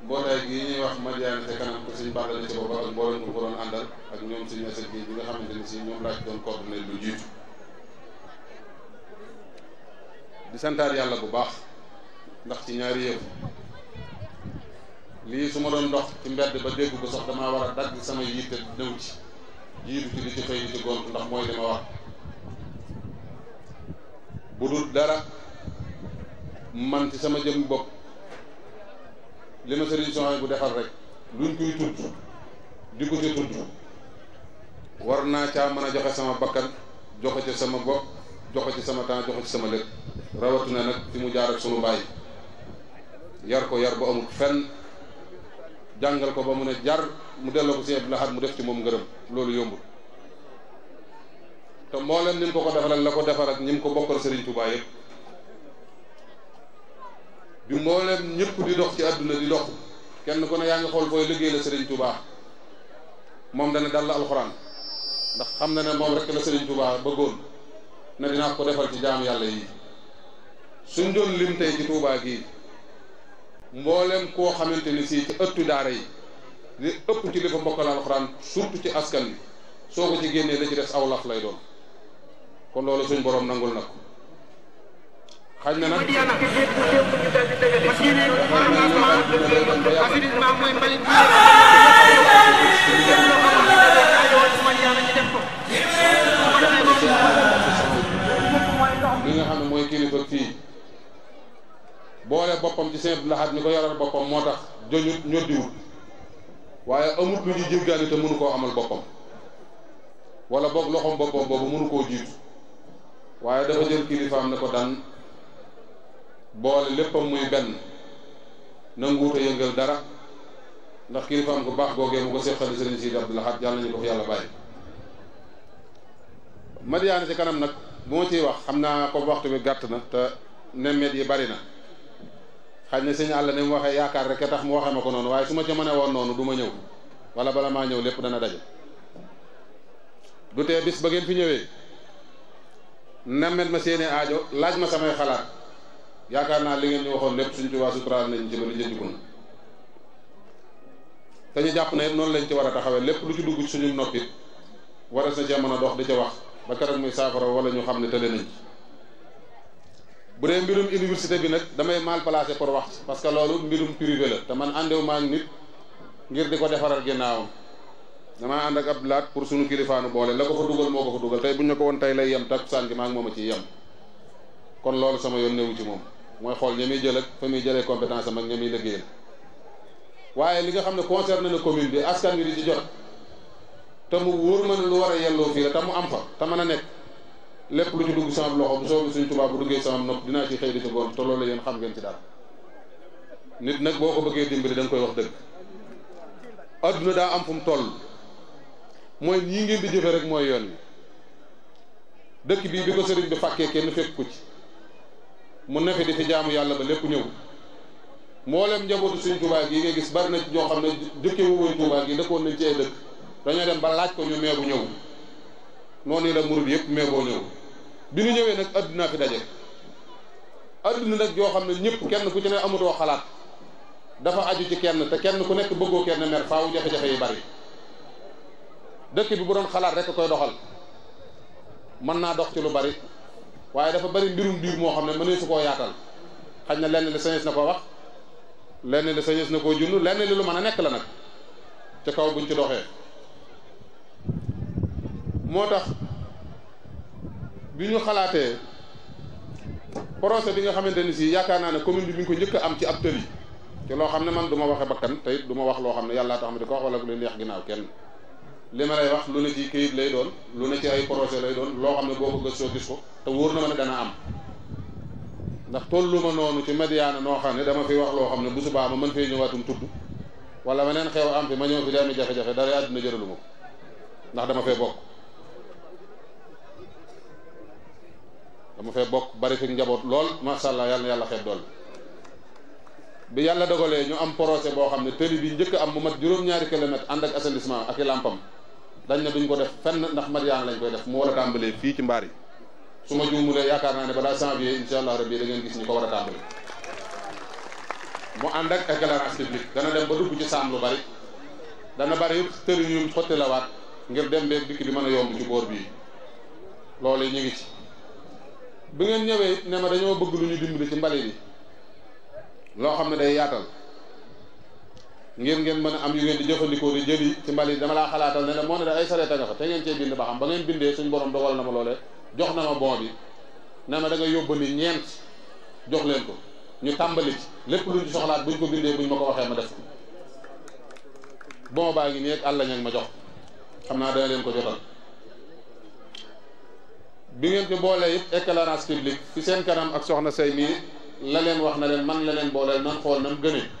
mbootaay gi ñuy wax Madiyana ca kanam ko suñ bàttale ci boppam ak mboolem ñu ko doon àndal ak ñoom suñu asset bi bi nga xamante ni si ñoom laa ci doon coordonné lu jiitu di santaat yàlla bu baax ndax ci ñaari yëpp lii su ma doon dox ci mbedd ba dégg ba sax damaa war a dagg sama yitte nëw ci jiitu ci di ci xëy di ci gont ndax mooy li ma wax bu dul dara man ci sama jëm bopp li ma sëriñ soxna bu defal rek luñ koy tudd di ko ci tudd war naa caa mën a joxe sama bakkan joxe ci sama bopp joxe ci sama temps joxe ci sama lépp rawatina nag fi mu jaaral ak sunu bàyyi yar ko yar bu amul fenn jàngal ko ba mu ne jar mu delloo ko si Abdou Lahad mu def ci moom ngërëm loolu yombul te moo ni mu ko ko defal la ko defal ak ñi mu ko bokkal Serigne Touba yëpp. bi mbooleem ñëpp di dox ci àdduna di dox kenn ko ne yaa ngi xool fooy liggéey la Serigne Touba moom dana dal la alxuraan ndax xam na ne moom rek la Serigne Touba bëggoon na dinaa ko defal ci jaamu yàlla yi suñ doon lim tey ci Touba gii mbooleem koo xamante ni sii ci ëttu daara yi li ëpp ci li fa mbokkal alxuraan surtout ci askan bi soo ko ci génnee la ci des aw laf lay doon kon loolu suñ borom nangul na ko xaj na nag mooy nga xam ne mooy kilifa fii boole boppam ci seen laxaat mi ko yoral boppam moo tax joñut ñoddiwut waaye amut lu ñu jéggaani te mënu koo amal boppam wala boog loxoom boppam boobu mënu koo jiitu waaye dafa jël kilifaam ne ko daan boole léppam muy benn nanguut a yëngal dara ndax kilifaam gu baax googee mu ko seqal sëriñ Sidi Abdou Lahad yàlla nañu ko yàlla bàyyi Madiyana ci kanam nag bu ma ciy wax xam naa ko waxtu bi gàtt na te nemmeet yi bari na xaj na sëñ àll ni mu waxee yaakaar rek tax mu waxee ma ko noonu waaye su ma ca mënee woon noonu du ma ñëw wala bala maa ñëw lépp dana daje du tee bis ba ngeen fi ñëwee nemmeet ma seeni aajo laaj ma samay xalaat yaakaar naa li ngeen ñu waxoon lépp suñ ci waa nañ ci li jëndiku na te ñu jàpp ne noonu lañ ci war a taxawee lépp lu ci dugg ci suñu noppit waras na cee dox di ca wax ba keroog muy saafara wala ñu xam ne tële nañ bu dee mbirum université bi nag damay mal placé pour wax parce que loolu mbirum privé la te man àndewuma ak nit ngir di ko defaral ginnaawam damaa ànd ak ab laat pour suñu kilifaanu boole la ko fa dugal moo ko fa dugal tey bu ñu ko woon tey lay yem gi maa ngi moom ci kon loolu sama yoon newu ci moom mooy xool ña muy jël ak fa muy jëlee compétence mag ak ña muy liggéeyal waaye li nga xam ne concerne na commune bi askan wi di ci jot te mu wóor ma ne lu war a yelloo fii la te mu am fa te mën a nekk lépp lu ci dugg sama loxo bu soobee suñ tubaab bu duggee sama nopp dinaa ci xëy di ci góor te loolu xam ngeen ci dara nit nag boo ko bëggee dimbali da nga koy wax dëgg adduna daa am fu mu toll mooy ñii ngeen di jëfe rek mooy yoon wi dëkk bii bi ko sëriñ bi fàkkee kenn fekk ku mu nefe di fi jaamu yàlla ba lépp ñëw mboolem njabootu suñ Tuubaa gi ngay gis bari na ñoo xam ne jukki wu wuñ gi dëkkoon nañ ci ay dëkk dañoo dem ba laaj ko ñu meebu ñëw noonu la murid yëpp meeboo ñëw bi ñu ñëwee nag adduna fi daje adduna nag yoo xam ne ñëpp kenn ku ci ne amutoo xalaat dafa aju ci kenn te kenn ku nekk bëggoo kenn mer faaw jafe-jafe yi bari dëkk bi bu doon xalaat rek koy doxal mën naa dox ci lu bari waaye dafa bari mbirum biir moo xam ne mënee su koo yaatal xañ na lenn li sañees na koo wax lenn li sañees na koo junn lenn li lu man a nekk la nag te kaw buñ ci doxee moo tax bi ñu xalaatee projet bi nga xamante ni si yaakaar naa ne commune bi mi ngi ko njëkk am ci ab tëli te loo xam ne man du ma waxe bakkan te it ma wax loo xam ne yàllaa tax ma di ko wax wala bu leen neex ginnaaw kenn li ma lay wax lu ne ci këyit lay doon lu ne ci ay projet lay doon loo xam ne boo ko gëstoo gis ko te wóor na ma ne dana am ndax tollu ma noonu ci Madiyana noo xam ne dama fi wax loo xam ne bu subaa ma mën fee ñëwaatum tudd wala ma neen xew am fi ma ñëw fi daami jafe-jafe dara àddina jëralu ma ko ndax dama fee bokk dama fee bokk bari fi njaboot lool macha allah yàlla na yàlla xeeb dool bi yàlla dogalee ñu am projet boo xam ne tëli bi njëkk am mu mat juróom-ñaari kilomètre ànd ak ak i dañ ne duñ ko def fenn ndax Madiyana lañ koy def mu war a tàmbalee fii ci mbaar yi su ma juumulee yaakaar naa ne balaa janvier incha allah rabbi da ngeen gis ñu ko war a tàmbali mu ànd ak éclairage public dana dem ba dugg ci saam lu bari dana bari yëpp tër yu xotti lawaat ngir dem beeg dikk bi mën a yomb ci boor bii loolu ñu ngi ci bi ngeen ñëwee ne ma dañoo bëgg lu ñu dimbali ci mbali bi loo xam ne day yaatal ngir ngeen mën a am yi ngeen di jëfandikoo di jëli ci mbalit dama laa xalaatal ne la moo ne da ay sareet a nga fa te ngeen cee bind ba xam ba ngeen bindee suñ borom dogal na ma loole jox na ma bon bi na ma da nga yóbbandi ñeent jox leen ko ñu tàmbali lépp luñ ci soxlaat buñ ko bindee buñ ma ko waxee ma def ko bon baa nii ak àll ñag ma jox xam naa dana leen ko jotal bi ngeen ci boolee it éclairage public ci seen kanam ak soxna say mii la leen wax na leen man la leen booleel nan xool nam gënee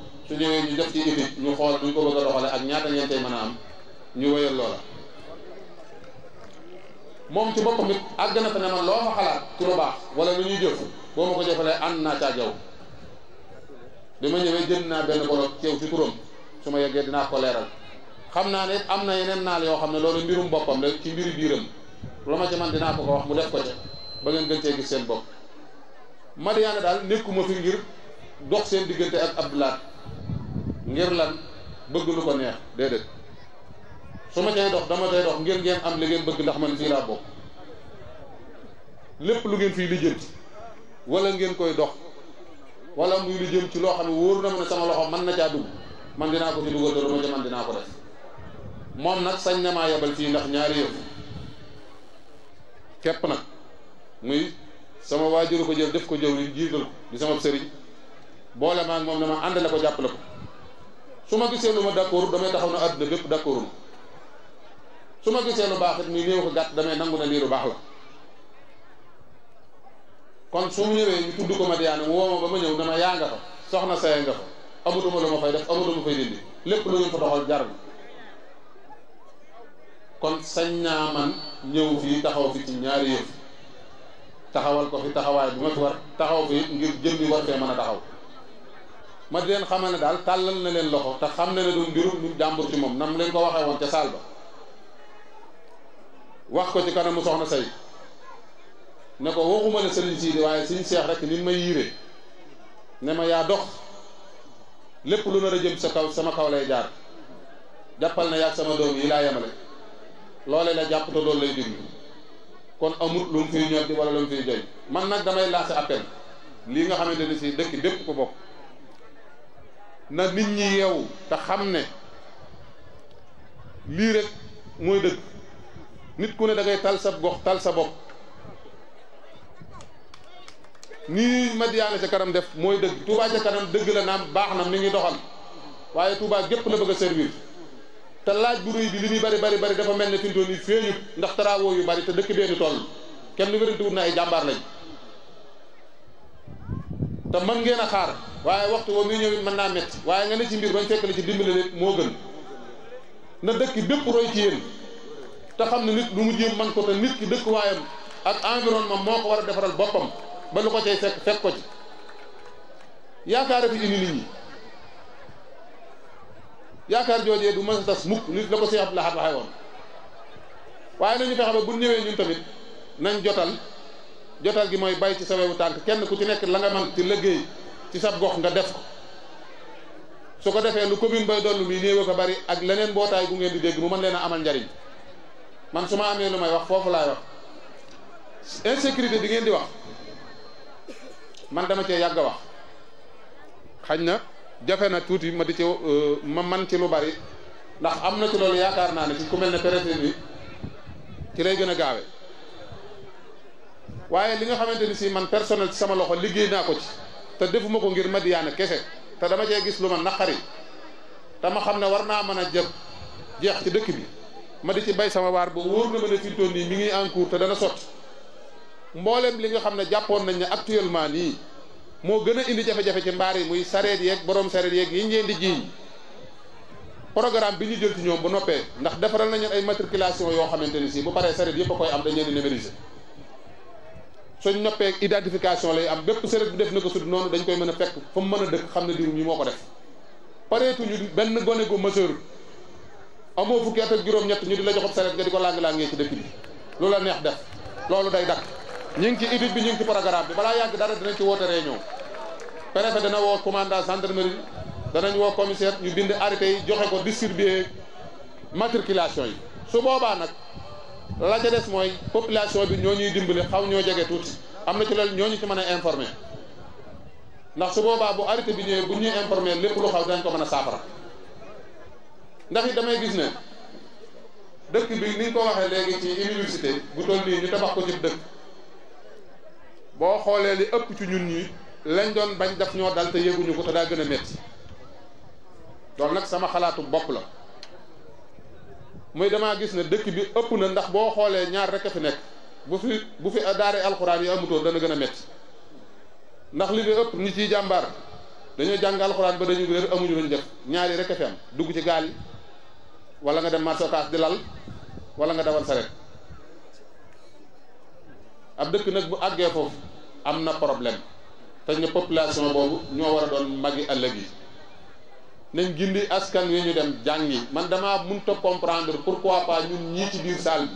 su ñëwee ñu def ci étude ñu xool ñu ko bëgg doxale ak ñaata ngeen tey am ñu wéyal loola moom ci boppam it àgg fa ne man fa xalaat ci lu baax wala lu ñuy jëf ko jaw ci ko ne na naal yoo xam loolu mbirum boppam la ci mbiri biiram lu ma ci man dinaa ko wax mu def ko ba ngeen gën gis seen nekkuma fi ngir dox seen ak ngir lan bëgg lu ko neex déedéet su ma cay dox dama cay dox ngir ngeen am li ngeen bëgg ndax man fii laa bokk lépp lu ngeen fii li jëm ci wala ngeen koy dox wala muy lu jëm ci loo xam ne wóor na ma ne sama loxo man na caa dugg man dinaa ko ci dugal te ma ca man dinaa ko def moom nag sañ na maa yebal fii ndax ñaari yëf képp nag muy sama waajuru ko jël def ko jëw li jiital di sama sëriñ boole maag moom ne ma ànd ko ko la ko suma ma gisee lu d'accord damay taxaw na aduna bépp d'accorduma su ma gisee lu baax it ni néew ko gàtt damay nangu na lii lu baax la kon su mu ñëwee ñu tudd ko Madiyaana mu wooma ba ma ñëw dama yaa nga fa soxna saye nga fa amatuma lu ma fay def amatuma fay dindi lépp lu ñu fa doxal jar kon sañ naa man ñëw fii taxaw fi ci ñaari yëf taxawal ko fi taxawaay bu ma fi war taxaw fi ngir jëm war fee mën a taxaw ma di leen xamal ne daal tàllal na leen loxo te xam na ne du mbirum ñu jàmbur ci moom nam leen ko waxee woon ca saal ba wax ko ci kanamu soxna say ne ko waxuma ne sëriñ siidi waaye sëriñ seex rek nit may yiire ne ma yaa dox lépp lu nar a jëm sa kaw sama kaw lay jaar jàppal na yaag sama doom yi laa yemale loole la jàpp te lay lay diglu kon amut lu mu ñor di wala lu mu fiy man nag damay lancé appel lii nga xamante ni sii dëkk dépp ko bopp na nit ñi yeewu te xam ne lii rek mooy dëgg nit ku ne da tal sa gox tal sa bopp nii Madiyana sa kanam def mooy dëgg Touba ca kanam dëgg la naam baax na mi ngi doxal waaye Touba gépp la bëgg a servir te laaj bu rëy bi li muy bari bari bari dafa mel ne fi mu feeñu ndax travaux yu bari te dëkk bee ñu toll kenn lu wérante wut na ay jàmbaar lañ te mën ngeen a xaar waaye waxtu woo muy ñëw it mën naa métti waaye nga ne ci mbir bañ fekk la ci dimbali lépp moo gën na dëkk bépp roy ci yéen te xam ne nit lu mu jéem man ko te nit ki dëkkuwaayam ak environnement moo ko war a defaral boppam ba lu ko cay fekk fekk ko ci yaakaar fi indi nit ñi yaakaar joojee du mën a tas mukk nit la ko Seex Abdul Ahad waxee woon waaye nañu fexe ba bu ñëwee ñun tamit nañ jotal jotal gi mooy bay ci sa wewu tànk kenn ku ci nekk la nga man ci liggéey ci sab gox nga def ko su ko defee lu commune bay doon lu muy néew ko bari ak leneen mbootaay gu ngeen di dégg mu mën leen a amal njariñ man su ma amee lu may wax foofu laay wax insécurité bi ngeen di wax man dama cee yàgg a wax xañ na jafe na tuuti ma di ci euh, ma man ci lu bari ndax am na ci loolu yaakaar naa ne ci ku mel ne préfet bi ci lay gën a gaawe waaye li nga xamante ni sii man personnel ci sama loxo liggéey naa ko ci te defuma ko ngir Madiyana kese te dama cee gis lu ma naqari te ma xam ne war naa mën a jëf jeex ci dëkk bi ma di ci bay sama waar ba wóor na ma ne fi mu toll nii mi ngi en cours te dana sotti mboolem li nga xam ne jàppoon nañ ne actuellement nii moo gën a indi jafe-jafe ci mbaar yi muy sareet yeeg borom sareet yeeg yi ñu leen di jiiñ programme bi ñu jël ci ñoom bu noppee ndax defaral nañu ay matriculation yoo xamante ni si bu paree sareet yëpp koy am dañ leen di suñ noppee identification lay am bépp seret bi def na ko sud noonu dañ koy mën a fekk fa mu mën a dëkk xam ne diw mi moo ko def pareetuñu benn gone goo majeur amoo fukki at ak juróom-ñett ñu di la joxob seret nga di ko lang-langee ci dëkk bi loolu la neex def loolu day dakk ñu ngi ci étude bi ñu ngi ci programme bi balaa yàgg dara dinañ ci woote réunion préfet dana woo commandant gendarmerie danañ woo commissaire ñu bind arrêté yi joxe ko distribuer matriculation yi su boobaa nag la ca des mooy population bi ñoo ñuy dimbali xaw ñoo jege tuuti am na ci loolu ñoo ñu ci mën a informé ndax su boobaa bu arrêté bi ñëwee bu ñuy informé lépp lu xaw dañ ko mën a saafara ndax it damay gis ne dëkk bi niñ ko waxee léegi ci université bu toll nii ñu tabax ko ci dëkk boo xoolee li ëpp ci ñun ñi lañ doon bañ daf ñoo dal te yëguñu ko te daa gën a métti loolu nag sama xalaatu bopp la. muy damaa gis ne dëkk bi ëpp na ndax boo xoolee ñaar rek a fi nekk bu fi bu fi daare alxuraan yi amutoon dana gën a metti ndax li fi ëpp nit yi jàmbaar dañoo jàng alxuraan ba dañu réer amuñu luñ def ñaari rek a fi am dugg ci gaal yi wala nga dem marché Ocass di lal wala nga dawal saret ab dëkk nag bu àggee foofu am na problème te ñu population boobu ñoo war a doon magi ëllëg yi nañ gindi askan wi ñu dem jàngi man damaa mënta comprendre pourquoi pas ñun ñii ci biir salle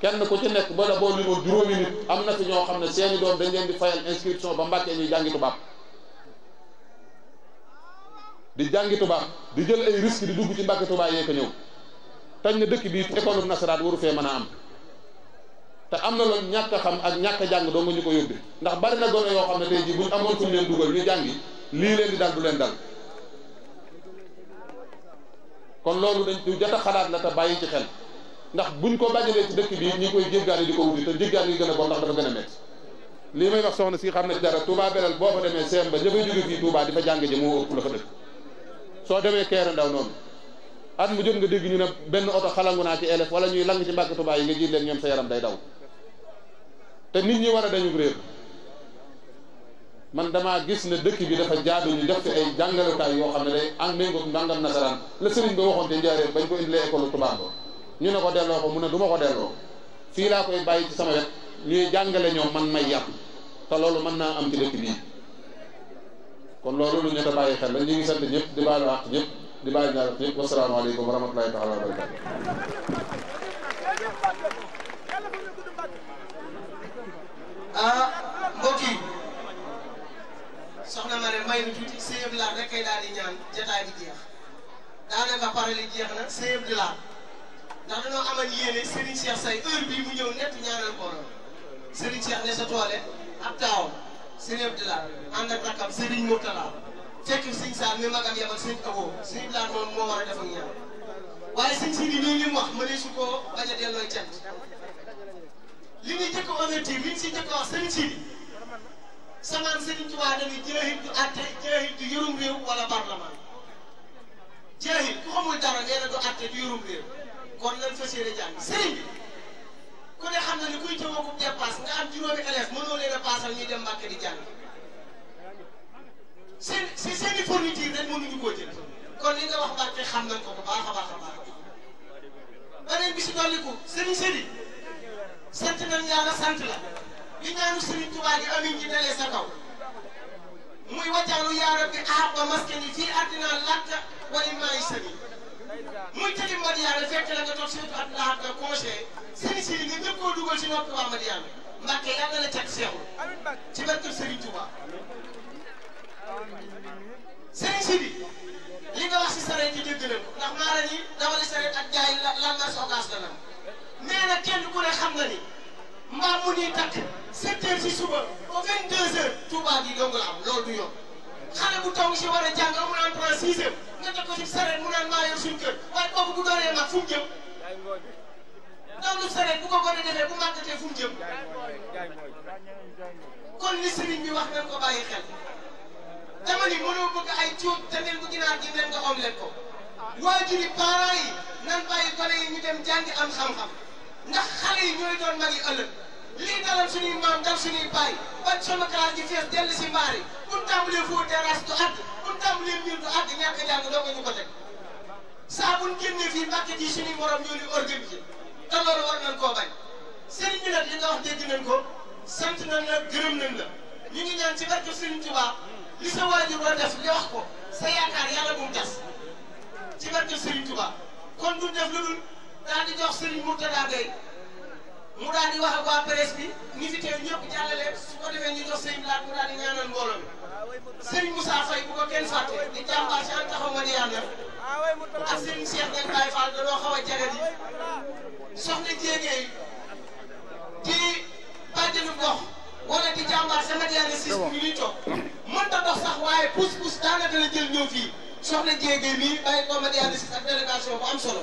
kenn ku ci nekk ba da boo li ma juróomi nit am na fi ñoo xam ne seeni doom dañ leen di fayal inscription ba mbàkkee ñuy jàngi tubaab di jàngi tubaab di jël ay risque di dugg ci mbàkki tubaab yee ko ñëw tañ na dëkk bii école bu nasaraat waru fee mën a am te am na loolu ñàkk xam ak ñàkk a jàng doo nga ñu ko yóbbi ndax bari na gone yoo xam ne tey jii buñ amoon fuñ leen dugal ñu jàngi lii leen di dal leen dal kon loolu dañ du jot a xalaat la te bàyyi ci xel ndax bu buñ ko bàjjalee ci dëkk bi ñu koy jéggaani di ko wuti te jéggaani yi gën a bon ndax dafa gën a métti lii si xam na ci dara Touba Belel boo fa demee seem ba ña fay jóge fii Touba di fa jàng ji moo ëpp la fa dëkk soo demee Kéré Ndaw noonu at mu jot nga dégg ñu ne benn oto xalangu naa ci élève wala ñuy lang ci mbàkk Touba yi nga jiit leen ñoom sa yaram day daw te nit ñi war a dañu réer man damaa gis ne dëkk bi dafa jaadu ñu def ci ay jàngalekaay yoo xam ne day en méngoog ndàngam nasaraan la sëriñ ba waxoon te njaaree bañ ko indilee école tubaab ba ñu ne ko delloo ko mu ne du ko delloo fii laa koy bàyyi ci sama wet ñuy jàngale ñoom man may yàpp te loolu mën naa am ci dëkk bii kon loolu lu ñu ta bàyyi xel la ñu ngi sant ñëpp di baalu àq ñëpp di baalu ñaar àq ñëpp wasalaamaaleykum wa rahmatulahi taala wa soxna ma ne may nu tuuti sëyëb laat rek kay daal di ñaan jataay bi jeex na sëyëb di laat ndax dañoo amal yéene Serigne Cheikh say heure bii mu ñëw nett ñaanal borom ne sa toole ab taawam Serigne Abdou Lahad ànd ak rakkam Serigne Mourtala fekk Serigne Sall mi magam yabal Serigne Abo Serigne Abdou Lahad moom moo war a def waaye Serigne Sidi nii li mu wax mënee su koo bañ a delloo cant li muy e avertir li mu si samaan Sëriñ Tuubaa dañuy jaahil du atte jaahil du yorum réew wala parlement jaahil ku xamul dara nee na du atte du yorum réew kon lan na ni kuy jëmoo ko dépasse am juróomi élève a paasal ñuy dem Mbàkke di jàng seen si seen i fourniture rek mënuñu koo jël kon li nga wax barke xam nañ ko bu baax a baax a baax beneen bi si dolliku sëriñ sëriñ sant nañ yàlla sant la li ñaanu Serigne Touba gi amin ji dalee sa kaw muy wajalu yaa rabbi ahaba maskani fii àddina latta wala maay sami muy tëddi Madiyaana fekk la nga toog Serigne Touba Abdoul Ahad nga conseillé sëriñ si nga ñëpp koo dugal si noppi waa Madiyaana Mbàkke yàlla la cat seexul ci barkeb Serigne Touba sëriñ si bi li nga wax si sareet yi dégg na ko ndax maa la ni dawali sareet ak jaay la la marché occas la nam nee na kenn ku ne xam nga ni mbaa mu ni takk sept heures ci suba ba vingt deux heures Touba gi dong am loolu du yoon xale bu taw si war a jàng mu naan prend nga teg ko si sareet mu naan maa yor suñu kër waaye kooku bu doonee mag fu mu jëm daw lu sareet bu ko gone defee bu màggatee fu mu jëm kon li sëriñ ay cuub te neen bu ginaar gi leen om leen ko waajuri parents yi nan gone yi ñu dem jàngi am xam-xam ndax xale yi ñooy doon mag yi lii dalal suñuy maam dal suñuy baay bañ sama classe ji dell si mbaar yi buñ tàmbalee foo terrasse du àgg buñ tàmbalee mbir du àgg ñàkk jàng doo ko ñu ko teg saa buñ génnee fii mbàkk ji suñuy morom ñoo ñu organisé te loolu war koo bañ sëriñ bi li nga wax dégg ko sant nañ la gërëm nañ la ñu ngi ñaan ci barke Sëriñ Tuubaa li sa waajur war def li wax ko sa yaakaar yàlla bu mu tas ci barke Sëriñ Tuubaa kon daal di jox Serigne Mourtada Gueye mu daal di wax ak waa bi ñi fi teew ñëpp jàllale su ko defee ñu jox sëñ Laat mu daal di ñaanal mbooloo mi Serigne Moussa Faye bu ko kenn fàtte di jàmbaar si ak taxaw ma di yàlla a jagat yi soxna Jéegéey di bàjjenu si ñu ñuy toog mënta dox sax waaye pousse pousse daanaka la jël ñëw fii soxna Jéegéey mii bàyyi ko ma diyaane si ak délégation bu am solo.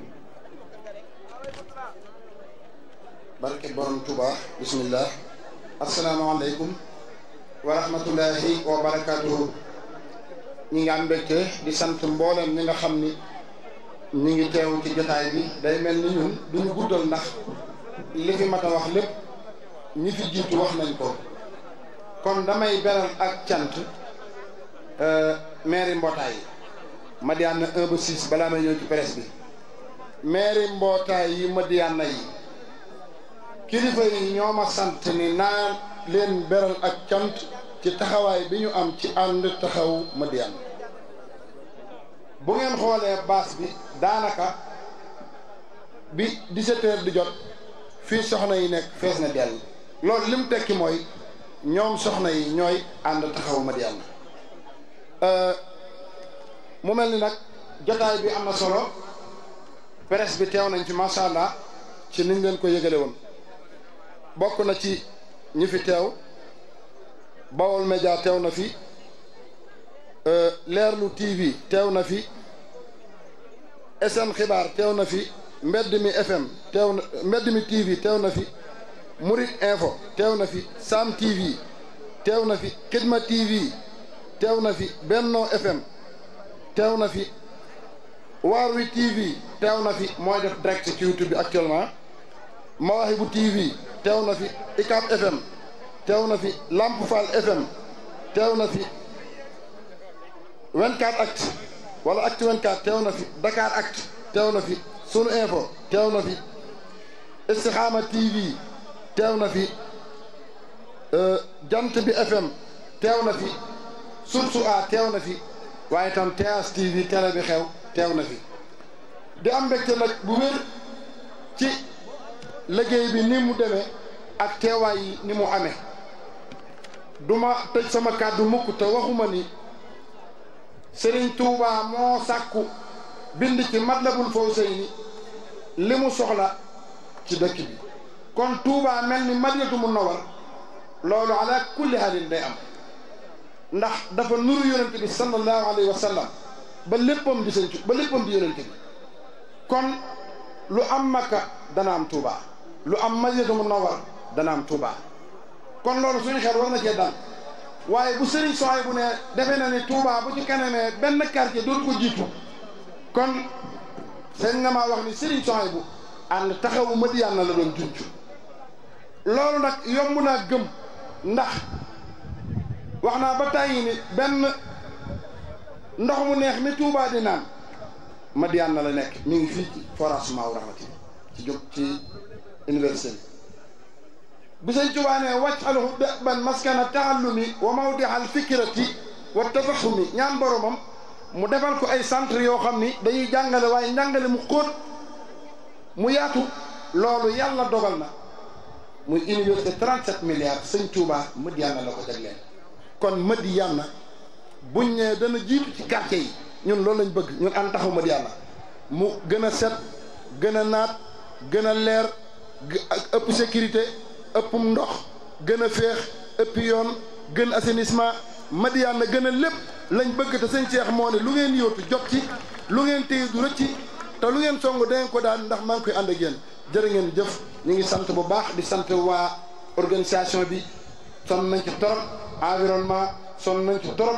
barke borom Touba bismillah asalaamaaleykum wa rahmatullahi wa ñi nga am di sant mboolem ñi nga xam ni ñu ngi teew ci jotaay bi day mel ni ñun duñu guddal ndax li fi mat a wax lépp ñi fi jiitu wax nañ ko kon damay beral ak cant euh, mairie mbootaay Madiyana 1 ba 6 balaa may ñëw ci presse bi mairie mbootaay yi Madiyana yi kilifa yi ñoom ma sant ni naa leen beral ak cant ci taxawaay bi ñu am ci ànd taxaw Madiyana bu ngeen xoolee baas bi daanaka bi 17 di jot fii soxna yi nekk fees na dell loolu li mu tekki mooy ñoom soxna yi ñooy ànd taxawu Madiyana euh, mu mel ni nag jotaay bi am na solo presse bi teew nañ ci macha allah ci niñ leen ko yëgale woon bokk na ci ñi fi teew Bawol Média teew na fi Leerlu TV teew na fi SN Xibaar teew na fi Mbedd FM teew na TV teew na fi Murit Info teew na fi Sam TV teew na fi Xidma TV teew na fi Benno FM teew na fi Waar TV teew na fi mooy def direct ci YouTube bi actuellement Mawaahibu TV teew na fi ICAP FM teew na fi Lamp Fall FM teew na fi 24 Actu wala Actu 24 teew na fi Dakar ak teew na fi Sunu Info teew na fi Istikhama TV teew na fi Jant bi FM teew na fi Source A teew na fi waaye tam TH TV télé bi xew teew na fi di am mbégte nag bu wér ci. liggéey bi ni mu demee ak teewaay yi ni mu amee duma tëj sama kàddu mukk te waxuma ni Serigne Touba moo sàkku bind ci Matlabul Fawzayni li mu soxla ci dëkk bi kon Touba mel ni Madinatu Munawwar loolu ala kulli halin day am ndax dafa nur yonent bi sallallahu alayhi wa sallam ba léppam di sëñ ba léppam di yonent bi kon lu am Makka dana am Touba lu am madinatu munawwar dana am Touba kon lolu suñu xel war na ci dal waye bu serigne sooy bu ne defe na ni Touba bu ci kanamee ben quartier do ko jitu kon sëñ na ma wax ni serigne sooy bu ànd taxawu Madiyana la doon junj lolu nak yomb naa gëm ndax waxna ba tàyyi ni ben ndox mu neex mi Touba di naan Madiyana la nek mi ngi fi ci forage Maou Rahmati ci jóg ci. universel bi sëñ Tuubaa ne wàccalu ban maskana taallumi wa mawdihal fikrati wa tafahumi ñaan boromam mu defal ko ay centre yoo xam ni dañuy jàngale waaye jàngale mu xóot mu yaatu loolu yàlla dogal na muy université 37 milliards sëñ Tuubaa Madiyana la ko leen kon Madiyana buñ ne dana jiitu ci quartier yi ñun loolu lañ bëgg ñun an taxaw Madiyana mu gën a set gën a naat gën a leer Pour ëpp sécurité pour ndox gën a féex ëpp yoon gën assainissement Madiyana gën lañ bëgg te Cheikh moo ne lu ngeen yóotu jot ci lu ngeen téye du rëcc te lu ngeen song ko daan ndax maa ngi koy ànd ak yéen jërë jëf ñu ngi sant bu baax di organisation bi nañ environnement nañ ci torop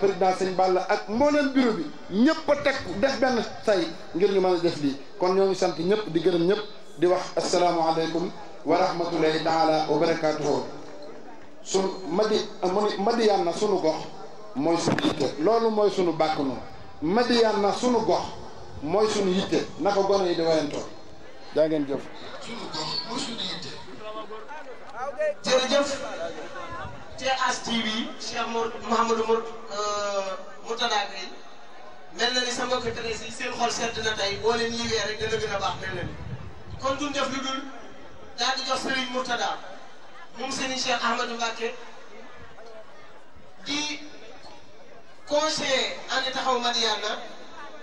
président ak bureau bi ñëpp a def benn say ngir ñu mën def lii kon ñoo ngi di wax alaykum wa rahmatulahi taala wa barakaatuhu sun madi madiyaan na sunu gox moy sunu yitte lolou moy sunu bàkk noonu madiyaan na sunu gox moy sunu yitte nako gono yi di wayantoo da ngeen jëf sunu gox mooy sunu yitte jërëjëf as TV Cheikh Mouhamadou Mour Mourtada Gueye mel na ni sa mbokk télé si seen xol sedd na tey boo leen yiwee rek dana gën a mel na ni kon duñ def lu dul daal di jox Serigne Mourtada moom Serigne Cheikh Ahmadou Mbacké di conseiller ànd taxaw Madiyana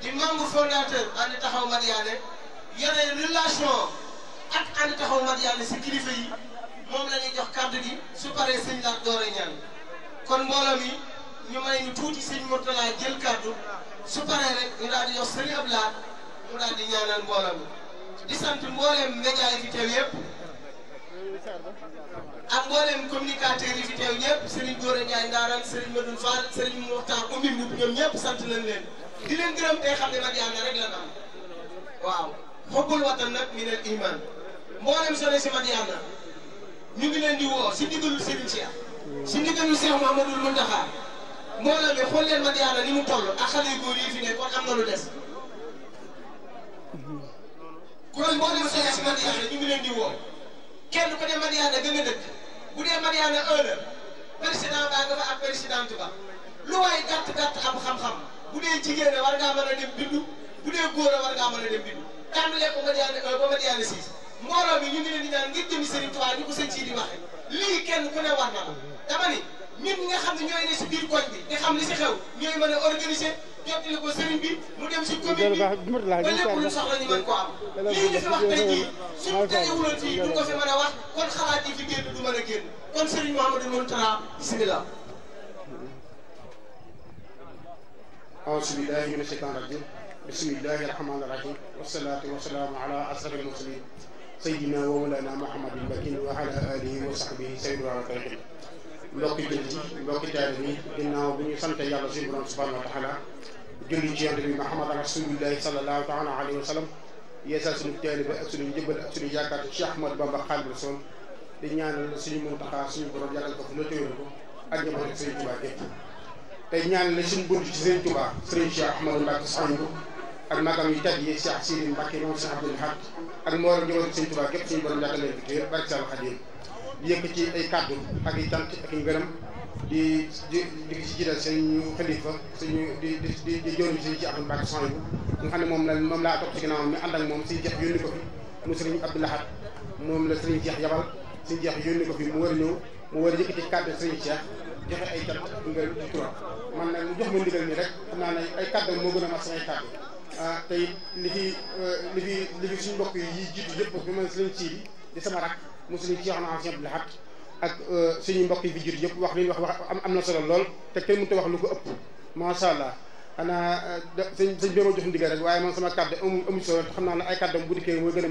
di membre fondateur ànd taxaw Madiyana yore relation ak ànd taxaw Madiyana si kilifa yi moom la ñuy jox kàddu gi su paree sëñ daal doore ñaan kon mbooloo mi ñu may ñu tuuti sëñ Mourtada jël kàddu su paree rek ñu daal di jox Serigne Abdoulaye mu daal di ñaanal mbooloo di sant mbooleem média yi fi teew yëpp ak mbooleem communicateurs yi fi teew ñëpp Serigne Gora Ndiaye Ndaaraan Serigne Madoune Fall Serigne Mokhtar Oumy Mboup ñoom ñëpp sant nañ leen di leen gërëm tey xam ne nag yàlla rek la naan waaw xubbul watan nag min al iman mboolem sone si Madiyana ñu ngi leen di woo si ndigalul Serigne Cheikh si ndigalul Cheikh Mamadou Mountakha mboolem bi xool leen Madiyana ni mu toll a xale yu góor yi fi nekk kon am na lu des kuréel boo dema séance Madiana ñu ngi leen di woo kenn ku ne Madiana gën a dëkk bu dee Madiana un la président baa nga fa ak présidente ba lu waay gàtt gàtt am xam-xam bu dee jigéen a war ngaa mën a dem bindu bu dee góor a war ngaa mën a dem bindu tàmbalee ko Madiana un ba Madiana six mbooloo bi ñu ngi leen di ñaan ngir jëmi Serigne Touba ñu ko sëñ si di waxe lii kenn ku ne war na ko dama ni ñun ñi nga xam ne ñooy ne si biir koñ bi di xam li si xew ñooy mën a organiser jottali ko sëriñ bi mu dem si commune bi ba lépp lu soxla ñu mën ko am lii ñu fi wax tey jii suñu teyewuloon fii du ko fi mën a wax kon xalaat yi fi génn du mën a génn kon sëriñ Mouhamadou Moutara bismillah أعوذ بالله من الشيطان الرجيم بسم الله الرحمن الرحيم والصلاة والسلام على أسر المرسلين سيدنا ومولانا محمد المكين وعلى آله وصحبه سيدنا وكريم mbokki jël ji mbokki taalibe bi ginnaaw bi ñu sant yàlla suñu borom subhanahu wa taala julli ci yonte bi Muhammad rasulillahi sallallahu taala alayhi wa sallam yeesal suñu taalibe ak suñu njëbbal ak suñu yaakaar ci Cheikh Ahmad Bamba Xaadimu Rasuul di ñaanal suñu Muntaxa suñu borom yàggal ko fu la téwél ko ak njabootu Sëriñ Tuubaa gépp te ñaanal suñu bunt ci Sëriñ Tuubaa Sëriñ Cheikh Ahmadou Mbacke Sango ak magam yu tedd yi Cheikh Sidi Mbacke moom Cheikh Abdoul Ahad ak mboolem njabootu Sëriñ Tuubaa gépp suñu borom yàggal leen fi téwél barke Sal Xadim di yëkk ci ay kàddu ak i cant ak i ngërëm di di di ci jiital sëñ xalifa suñu di di di di jëriñ sëñ ci Abdou Mbacke Soxna bi nga xam ne moom moom laa topp ci ginnaawam mi moom sëñ jeex yónni ko fi mu sëriñ Abdou Lahad moom la sëriñ jeex yabal ko fi mu war a ñëw mu war a yëkkati kàddu sëriñ Cheikh joxe ay jant nga di turam man nag mu jox ma ndigal ni rek xam naa ne ay kàddu moo gën a mat samay kàddu ah tey li fi euh, li fi li fi suñu mbokk yi jiitu di sama rak mu sëriñ Cheikh na Abdou Lahad ak euh, suñu mbokk yi fi jur yëpp wax li wax wax am na solo lool te kenn mënut a wax lu ko ëpp macha allah xanaa euh, sëñ sëñ bi ma jox ndigal rek waaye man sama kàddu amul solo te xam naa ne ay kàddam bu dikkee mooy gën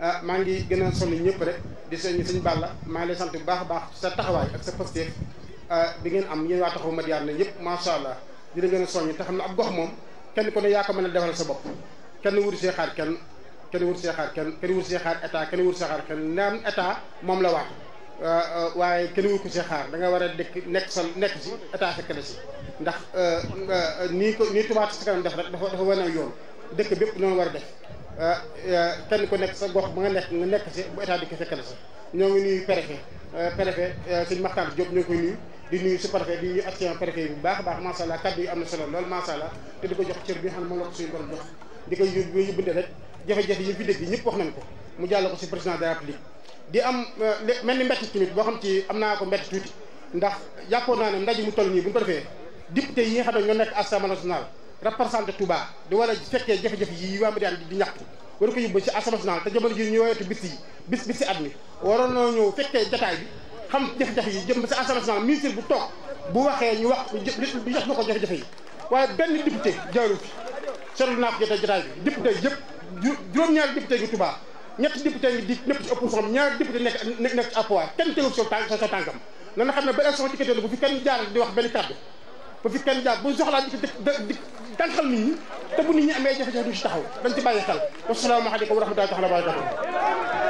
ah, maa ngi gën a sonn ñëpp rek di sëñ sëñ Balla maa ngi lay sant bu baax a baax sa taxawaay ak sa posté bi ah, ngeen am yéen waa taxawu Madiyana yëpp macha allah di la gën a soññ te xam ne ab gox moom kenn ku ne yaa ko mën a defal sa bopp kenn wut see kenn kenn wut seexaar kenn kenn wut see état kenn wut see xaar kenn moom la wax waaye kenn wu ko si xaar da nga war a dëkk nekk sa nekk si état fekk la si ndax euh, nii ko nii Touba def rek dafa dafa wane yoon dëkk bépp noonu war a def euh, euh, kenn ku nekk sa gox ba nga nekk nga nekk si bu état di ko fekk la si ñoo ngi nuyu préfet préfet koy nuyu di nuyu su préfet di nuyu action préfet yi bu baax a baax macha allah yi am na solo lool macha te di ko jox cër bi xam ne la ko suñu borom jox di ko yóbbu yóbbante rek jafe-jafe yi fi dégg ñëpp wax nañ ko mu jàll ko si président de la di am euh, mel ni mbett tamit boo xam ci am naa ko mbett tuuti ndax jàppoon naa ne ndaje mu toll nii bu ñu ko defee député yi nga xam ne ñoo nekk assemblée nationale représenté Touba di war a fekkee jafe-jafe yi waa Madiyana di ñaxtu war ko yóbbu ci assemblée nationale te jamono ji ñu woyotu bis yi bis bis si at mi waroon noo ñëw fekkee bi xam jafe-jafe yi jëm si assemblée nationale ministre bu toog bu waxee ñu wax lu jox na ko jafe-jafe yi waaye benn député jaaru fi seetlu naa ko jotee jataay bi député yëpp juróom-ñaari te yu tubaa ñetti député ngi di ñëpp ci opposition ñaar député nek nek nek appoir kenn teewul sa tànk sa tànkam na nga xam ba élection bu fi kenn jaar di wax beli kàddu bu fi kenn jaar bu soxlaa di di nihnya nit ñi te bu nit ñi amee jafe-jafe du ci taxaw dañ ci wa rahmatullahi wa barakatuh